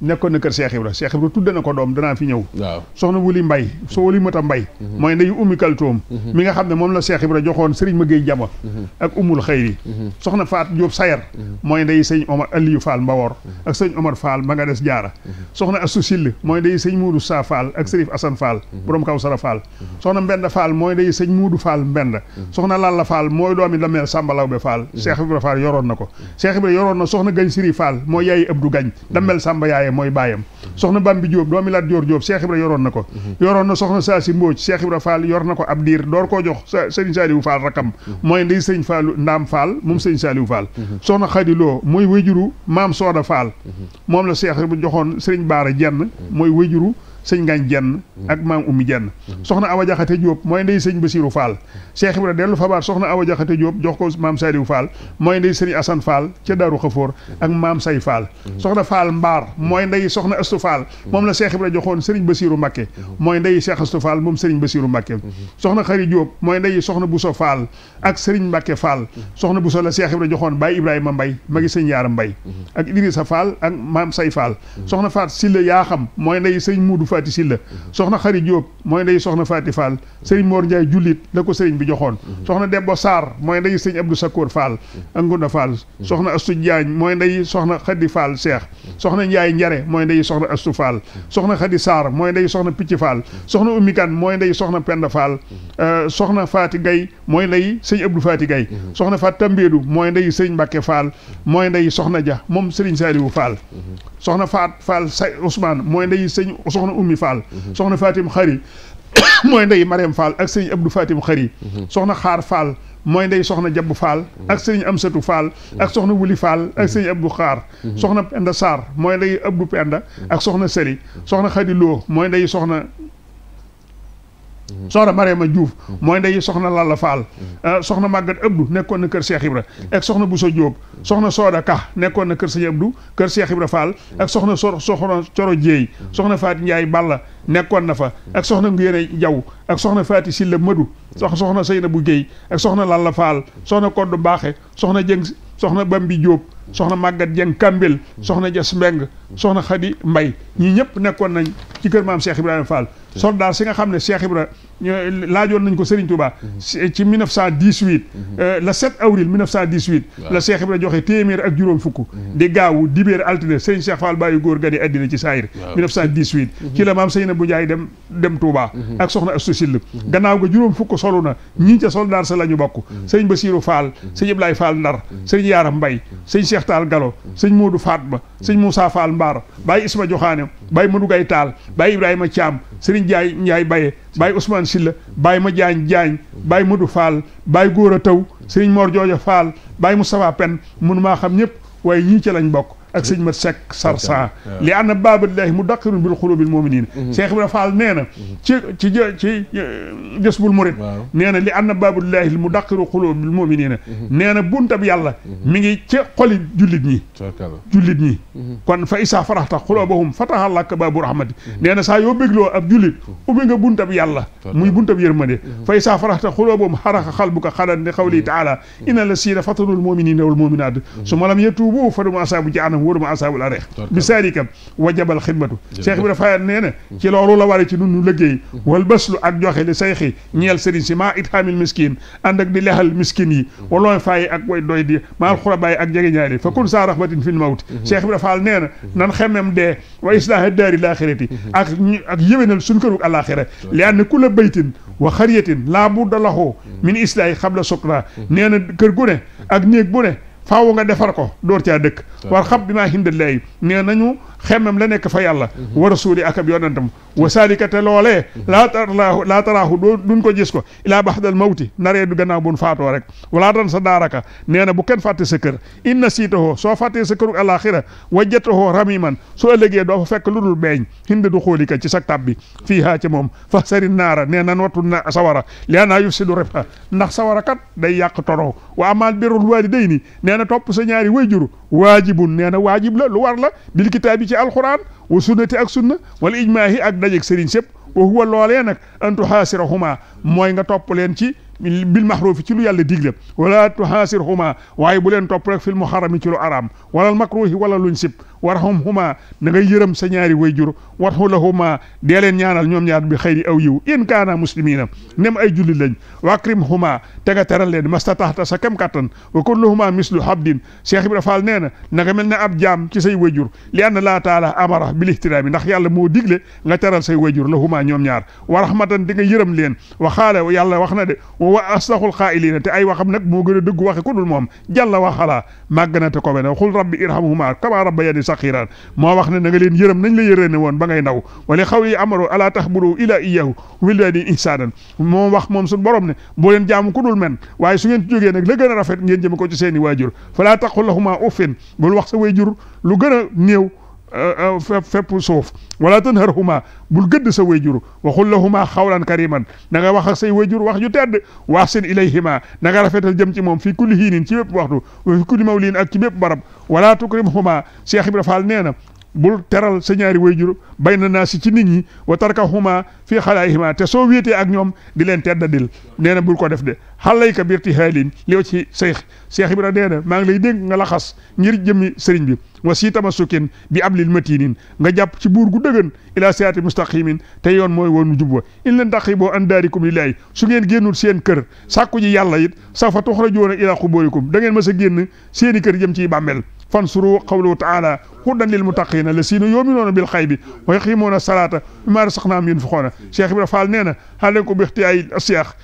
nekkoon na kër Cheikh Ibra Cheikh Ibra tudde na ko doom danaa fi ñëw waaw soxna wuli mbay so wuli mata mbay mhm. mooy ndeyu ummi kaltoom mhm. mi nga xam ne moom la Cheikh Ibra joxoon Serigne Maguey Jama mhm. ak umul xëyri soxna Faat Diop Sayar mooy ndeyu sëñ Omar Aliou Fall Mbawor ak sëñ Omar Fall ma nga des jaara soxna Assou Sill mooy ndeyu sëñ Muudu Sa Fall ak Serif Assane Fall borom Kawsara Fall soxna Mbenda Fall mooy ndeyu sëñ Muudu Fall Mbenda soxna Lalla Fall mooy doomi la mel Samba Lawbe Fall Cheikh Ibra Fall yoroon na ko Cheikh Ibra yoroon na soxna Gañ Siri Fall mooy yaayi Abdou Gañ la bàyyam mooy bàyyam soxna Bambi Diop doomi Lat Dior Diop Cheikh Ibra yoroon na ko mhm. yoroon na soxna Saasi Mbóoj Cheikh Ibra Fall yor na ko ab diir door koo jox sëriñ Saaliwu Fall rakam mhm. mooy ndey sëñ Fallu Ndaam Fall moom sëñ Saaliwu Fall mhm. soxna Xadi Lo mooy wéjuru maam Sooda Fall moom la Cheikh joxoon sëriñ Baara Jenn mooy wéjuru sëñ Ngañ jenn ak maam Oumy jenn soxna Awa Jaxate Diop mooy ndey sëñ Basiru Fall Cheikh Ibra dellu fabaat soxna Awa Jaxate Diop jox ko maam Saliou Fall mooy ndey sëñ Assane Fall ca Daaru Xafoor ak maam Say Fall soxna Fall Mbaar mooy ndey soxna Astu Fall moom la Cheikh Ibra joxoon sëriñ Basiru Mbakke mooy ndey Cheikh Astu Fall moom sëriñ Basiru Mbakke soxna Xari Diop mooy ndey soxna Bousso Fall ak sëriñ Mbakke Fall soxna Bousso la Cheikh Ibra joxoon Baye Ibrahima Mbay magi sëñ Yaara Mbay ak Idrissa Fall ak maam Say Fall soxna Faat Silla yaa xam mooy ndey sëñ Muudu Fall Faati Silla soxna Xari Diop mooy ndeyu soxna Faati Fall sëriñ Mor Ndiaye jullit la ko sëriñ bi joxoon soxna Debbo Sarr mooy ndeyu sëriñ Abdou Sakoor Fall Angunda Fall soxna Astu Jaañ mooy ndeyu soxna Xadi Fall Cheikh soxna Ndiaye Njare mooy ndeyu soxna mooy ndeyu soxna Picc Fall soxna Ummi Kan mooy ndeyu soxna Penda Fall euh, soxna Faati Gay mooy Gay soxna Faat Tambéedu mooy ndeyu sëriñ Mbàkke Fall mooy ndeyu soxna Ja moom sëriñ Saaliwu Fall soxna Faat Fall Ousmane mooy ummi Fall soxna Fatim Xari mooy ndey Mariam Fall ak sëriñ Abdou Fatim Xari soxna Xaar Fall mooy ndey soxna Jabb Fall ak sëriñ Amsatu Fall ak soxna Wuli Fall ak sëriñ Abdou Xaar soxna Penda Sarr ndey Abdou Penda ak soxna Sëri soxna Xadi Lo mooy ndey soxna Mhm. soxna Mariama Diouf mooy ndeyi soxna Lalla Fall mhm. eh, soxna màggat Abdou nekkoon na kër Cheikh Ibra mhm. ak soxna Bousso Diop soxna Sooda Ka nekkoon na kër Sëñ Abdou kër Cheikh Ibra Fall ak soxna so soxna Coro Dieye soxna Faati Ndiaye Balla nekkoon na fa ak soxna Nguyene Jaw ak soxna Faati Silla Madu sox soxna Seyna bu Guèye ak soxna Lalla Fall soxna Koddu Baaxe soxna Jëng soxna Bambi Diop soxna Maguette Dieng Kambel soxna Jas Mbeng soxna Khady Mbay ñii ñëpp nekkoon nañ ci kër maam Cheikh Ibrahima Fall soldat si nga xam ne Cheikh Ibrahima laajoon nañ ko Serigne Touba. Mhm. ci 1918. Mhm. Euh, le 7 avril 1918. waaw la Cheikh Ibrahima joxe téeméer ak juróom fukk. Mhm. di gaawu dibéer altine Serigne Cheikh Fall Baye góor ga di addina ci Saayir. waaw 1918. ci la maam Seyna bu Njaay dem dem Touba. ak soxna Astu Sill. gannaaw ga juróom fukk solu na ñi ca soldaar sa la ñu bokk. Serigne Bassirou Fall. Serigne Ablaye Fall Ndar. Serigne Yaram Mbay. Serigne Cheikh Tall Galo. Serigne Modou Fatma. Serigne Moussa Fall Mbaar. Baye Isma Joxaane. Baye Madou Gay Tall. Baye Ibrahima Thiam. Serigne Ndiaye Ndiaye Baye. Abdourahmane Sylla Baye ma jaañ jaañ Baye faal Fall Baye a Taw Serigne Mor Jooja Fall Baye Moustapha Penn mënu maa xam ñëpp waaye ñii ci lañ bokk ak sëñ mat sekk sarsa li anna baabullahi mudaqirun bil xulubi almuminin Cheikh Ibra Fall nee na ci ci ci jësbul murid nee na li anna baabullahi mudaqiru xulubil muminina nee na buntab yàlla mi ngi ci xoli jullit ñi jullit ñi kon fa isaa faraxta xulubahum fataha laka baabu rahmati nee na saa yoo bégloo ab jullit ubbi nga buntab yàlla muy buntab yërmande fa isaa faraxta xulubahum xaraxa xalbuka xalan li qawli taala inna la siina fatanul muminina wal muminat su ma lam yatubu fa dum asaabu jaanam wóoruma asaabul areex bi saalikam wajabal xidmatu Cheikh Ibra Faye nee na ci loolu la wari ci nun nu liggéey wal baslu ak joxe li sayxi ñeel sëriñ si maa ithaamil miskin ànd ak di lexal miskin yi walooy faayi ak way doy di maal xurabaay ak jegeñaari fa kun saa rahmatin fil mawti Cheikh Ibra Faal nee na nan xemem dee wa islaaha daari laaxirati ak ak yëwénal suñ kërug àlaaxira li ann ku la baytin wa xariyatin laa budda laxoo min islaahi xabla sukra nee na kër gu ne ak néeg bu ne faaw nga defar ko door caa dëkk war xam bi maa hindallaahi nee nañu xemmam la nekk fa yàlla mhm. wa rasuuli ak ab yonantam wa saalika te loolee mhm. laa taraahu laa ko gis ko ilaa baxdal mawti naree du gannaaw buñ faatoo rek walaa tan sa daaraka nee na bu kenn fàtte sa kër inna siitahoo soo fàttee sa këru àlaxira wajjatahoo ramiman soo ëllëgee doo fa fekk lu dul beeñ hindi du xoolika ci sa tab bi fii haa ci moom fa sari naara nee nan wattu na sawara lianaa yuf si du ref ndax sawara kat day yàq tono wa amaal birrul waali day ni nee na topp sa ñaari wayjur waajibun nee na waajib la lu war la bil ci alquran wa sunnati ak sunna wala ijmaahi ak dajeeg sëriñ sëpp wa huwa loolee nag an tuxaasirahuma mooy nga topp leen ci bil maxruufi ci lu yàlla digle wala tuxaasir huma waaye bu len top rek fil muharram ci lu aram wala makruuhi wala luñ sip warhum huma da ngay yërëm sa ñaari wayjur warhu lahuma de len ñaanal ñom ñaar bi xayri aw yiw in kana muslimina nem ay julli lañ wakrim huma te nga teral leen mastataxta sa kem kattan wa kulluhuma mislu habdin Cheikh ibrahim Fall neena na nga ab jam ci say wayjur li an la taala amara bil ihtiraami ndax yàlla mo digle nga teral say wayjur lahuma ñom ñaar wa rahmatan di nga yërëm len wa xaala yàlla wax na de wa asdaqul qaa'iliina te ay waxam nag moo gën a dëgg waxe ku dul moom jàlla waxalaa màgg na te ko benn xul rabbi irhamhuma kama rabbayani saxiran moo wax ne na nga leen yërëm nañ la yërene woon ba ngay ndaw wala xaw yi amaro ala taxburu ila iyahu wildaani ihsaanan moom wax moom suñ borom ne boo leen jaamu ku dul men waaye su ngeen jógee nag la gën a rafet ngeen jëm ko ci seeni waajur falaa taqul lahuma uffin bul wax sa waajur lu gën a néew fépp suuf wala tanharhuma bul gëdd sa wayjur waxul lahuma xawlan kariman na nga wax ak say wayjur wax ju tedd waxsin ilayhima na nga rafetal jëm ci moom fii kulli hiinin ci bépp waxtu wa fi kulli mawlin ak ci bépp barab wala tukrimhuma Cheikh Ibra Fall nee na bul teral sa ñaari wayjur bay na si ci nit ñi wa tarkahuma fi khalaihima te so wéetee ak ñom di len teddadil neena bul ko def de xalayka birti halin li ci seex seex ibra nee na ngi lay deg nga laxas ngir jëmi sëriñ bi wa si tamasukin bi ablil matinin nga japp ci bur gu dëgën ila siyaati mustaqimin te yon moy wonu jubwa in leen taqi an darikum lillahi su ngeen gennul seen kër sakku ji yalla yit sa fa ila quburikum da ngeen ma sa genn seeni kër jëm ci bammel فانصروا قوله تعالى هدى للمتقين الذين يؤمنون بالخيب ويقيمون الصلاة مما رزقناهم ينفقون شيخ ابن فال نينا هل لكم باختيار الشيخ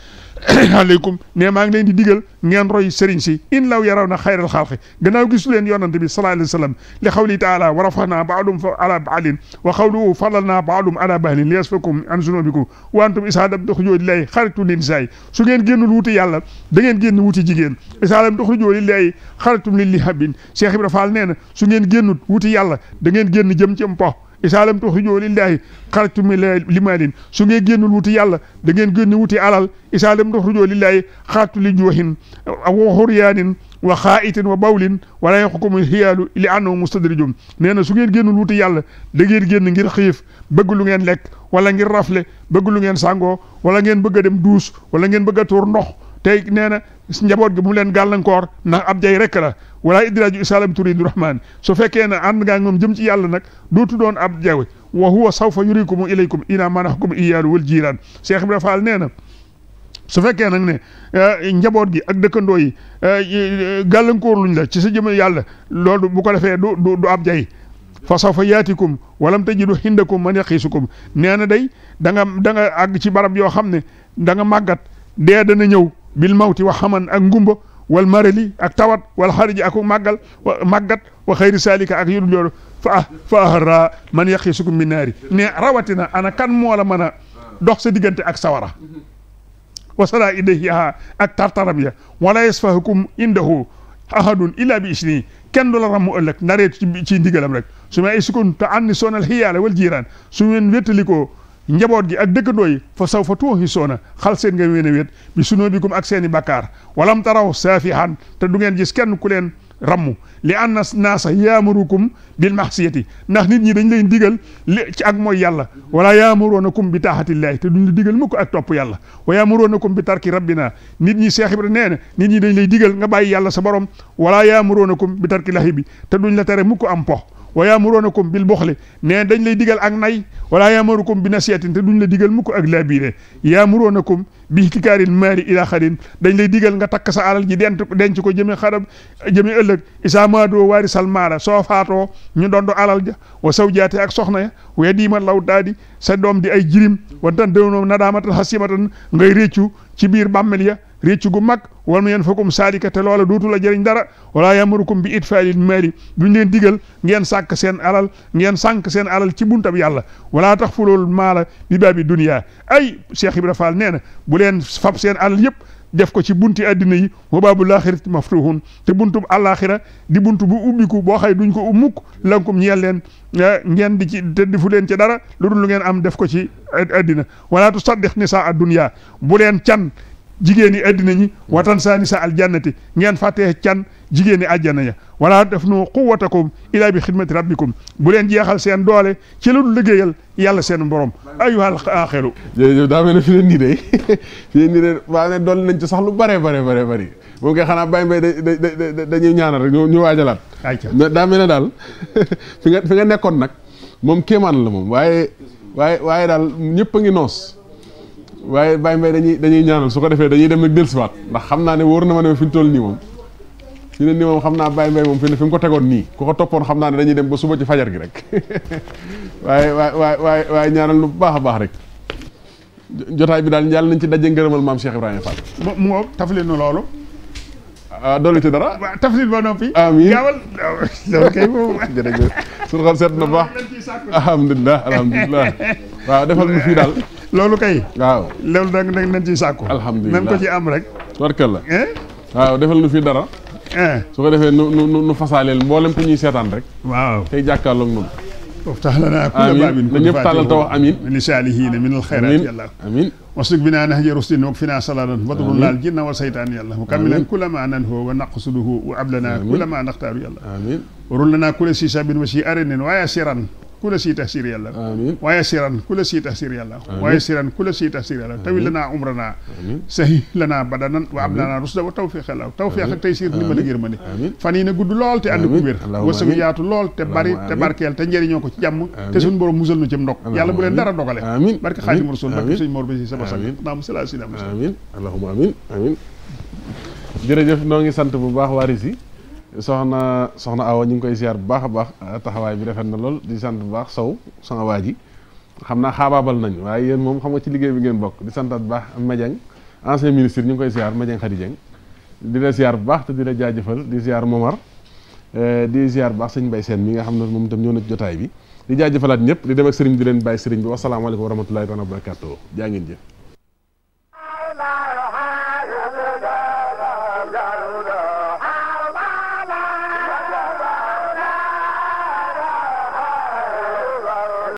alaykum ne maa ngi leen di digal ngeen roy sëriñ si in law yaraw na xayral xalqi gannaaw gisu leen yonante bi sallallahu alayhi wa sallam li xawli taala wa rafaxnaa baadum ala baadin wa xawluhu falal naa baadum ala bahlin li yasfakum an zunubikum wa antum isaadam tuxrijoo lillahi xaritu linsaay su ngeen génnul wuti yàlla da ngeen génn wuti jigéen isaadam tuxrijoo lay xaritum lilli habin Cheikh Ibra Fall nee na su ngeen génnut wuti yàlla da ngeen génn jëm ci mpo isaa lam tuxrijoo lillaahi xarajtum min limalin su ngeen génnul wuti yàlla da ngeen génn wuti alal isaa lam tuxrijoo lillaahi xarajtu li juhin wa xuryaanin wa kha'itin wa bawlin la yahkumu hiyal li annahu mustadrijum neena su ngeen génnul wuti yàlla da ngeen génn ngir xiif beug lu ngeen lek wala ngir rafle beug lu ngeen sango wala ngeen beug dem douce wala ngeen beug tour ndokh tay neena njabot gi mu len galankor ndax ab jay rek la walaa idraaju isaalam turidu rahmaan su fekkee ne ànd ngaa moom jëm ci yàlla nag dootu doon ab jawe wa huwa sawfa yurikumu ilaykum ina manaxakum iyaalu wal jiraan Cheikh Ibra faal nee na su fekkee nag ne eh, njaboot gi ak dëkkandoo eh, yi gàllankoor luñ la ci sa jëm yàlla loolu bu ko defee du du du ab jay fa sawfa yaatikum walam tajidu hindakum man yaqiisukum nee na day danga nga da nga àgg ci barab yoo xam ne da nga màggat dee dana ñëw bil mawti wa xaman ak ngumba wal marali ak tawat wal xariji ak màggal wa màggat wa xayri salika ak yudul loolu fa ah fa ahra man yaqisukum min naari ne rawatina ana kan moo la mën a dox sa diggante ak sawara wasala ilayha ak tartaram ya wala yasfahukum indahu ahadun illa bi isni kenn du la ramu ëllëg ndareetu ci ndigalam rek su ma ay sukun te anni sonal xiyaale wal jiiraan su ngeen wéttalikoo njaboot gi ak dëkkandoo yi fa saw fa tuuxi soona xal seen nga wéen a wéet bi sunoo bi kum ak seen i bàkkaar walam taraw saafihan te du ngeen gis kenn ku leen rammu li an na naasa yaamurukum bil maxsiyati ndax nit ñi dañ leen digal li ci ak mooy yàlla wala yaamurunakum bi taxatillahi te duñ la digal mukk ak topp yàlla wa yaamurunakum bi tarki rabbina nit ñi Seex Ibra nee na nit ñi dañ lay digal nga bàyyi yàlla sa borom wala yaamurunakum bi tarki lahi bi te duñ la tere mukk am po wa yaamuruunakum bil buxli ne dañ lay digal ak nay wala yaamurukum bi nasiyatin te duñ la digal mukk ak laabire yaamuruunakum bi ihtikaaril maali ilaa xarin dañ lay digal nga takk sa alal ji denc denc ko jëme xarab jëme ëllëg isaa maadoo waari salmaara soo faatoo ñu dondu alal ja wa sawjaate ak soxna ya wa yadiima law daadi sa doom di ay jirim wantan dëwnoo nadaamatan xasimatan ngay réccu ci biir bàmmel ya réccu gu mag wal mu yeen fakum saalika te loola dootu a jëriñ dara wala yamarukum bi itfaa'il maali duñ leen digal ngeen sàkk seen alal ngeen sànk seen alal ci bunt buntab yàlla wala tax fulool maala bi baabi dunya ay Cheikh Ibra Fall nee na bu leen fab seen alal yëpp def ko ci bunti àddina yi wa baabul aaxirati maftuuhun te buntu àllaaxira di buntu bu ubbiku boo xay duñ ko ummuk lankum ñeel leen eh, ngeen di ci te difu leen ci dara lu dul lu ngeen am def ko ci àddina wala tusaddiq nisaa ad dunya bu leen can jigéen ñi addina ñi watan saani sa aljannati ngeen fàttee can jigéen ñi àjjana ya wala def nu quwwatakum ilaa bi xidmati rabbikum bu leen jeexal seen doole ci lu liggéeyal yàlla seen borom ayuhal aaxiru jërëjëf daa mel ne fi leen nii waa ne nañ ci sax lu bare bare bare bëri moom kay xanaa Baye Mbaye da dañuy ñaanal rek ñu waajalaat daa mel ne daal fi nga nekkoon nag moom kéemaan la moom waaye waaye waaye daal ñëpp a ngi noos waaye Baye Mbaye dañuy dañuy ñaanal su ko defee dañuy dem nag dellusiwaat ndax xam naa ne wóor na ma ne fi ñu toll nii moom fi ne nii moom xam naa Baye Mbaye moom fi ne fi mu ko tegoon nii ko ko toppoon xam naa ne dañuy dem ba suba ci fajar gi rek waaye waay waaye waaye ñaanal lu baax a baax rek jotaay bi daal yàlla nañ ci daje ngërëmal maam Cheikh Ibrahima Fall. mu mu ngoog taflil nu loolu. ah dolli ci dara. waaw ba noppi. amiin gaawal loolu kay moom. jërëjëf suñu xol seet na baax alhamdulilah alhamdulilah waaw defal nu fii daal. loolu kay. waaw loolu nag nag nañ ciy sàkku. alhamdulilah nañ ko ci am rek. tubarkalla. waaw defal nu fi dara. su ko defee nu nu nu fasaaleel mboolem ku ñuy seetaan rek. waaw tey jàkkaarloog noonu. وافتح لنا كل باب كل فاتح امين من لسالهين من الخيرات يا الله امين واسلك بنا نهج رشد واكفنا صلاة فضل لنا الجن والشيطان يا الله مكملا كل ما ننهو ونقصده وعبلنا كل ما نختار يا الله امين ورلنا كل شيء بن وشي ارن ويا سرا ku la siita siir yàlla waaye siran ku la siita siir yàlla waaye siran ku la siita siir yàlla tawi lanaa umranaa sahi lanaa badanan wa am lanaa rusda wa tawfiq la tawfiq tey siir ndimbal ak yërmande fan yi na gudd lool te ànd ku wér wërsëgu yaatu lool te bari te barkeel te njëriñoo ko ci jàmm te suñ borom musal nu ci ndog yàlla bu leen dara dogale barke xaadim rasul barke suñ mor basi saba sak naam sala si naam amin allahumma amin amin jërëjëf soxna soxna Awa ñu ngi koy ziar bu baax a baax taxawaay bi rafet na lool di sant bu baax Sow sama waa ji xam naa xaabaabal nañ waaye yéen moom xam nga ci liggéey bi ngeen bokk di santaat bu baax Madiagne ancien ministre ñu ngi koy ziar Madiagne Khady Dieng di la ziar bu baax te di la jaajëfal di ziar Momar eh, di ziar bu baax sëñ Mbaye Sène mi nga xam ne moom itam ñëw na jotaay bi di jaajëfalaat ñëpp di dem ak sëriñ di leen bàyyi sëriñ bi wasalaamaaleykum wa rahmatullahi wa barakaatu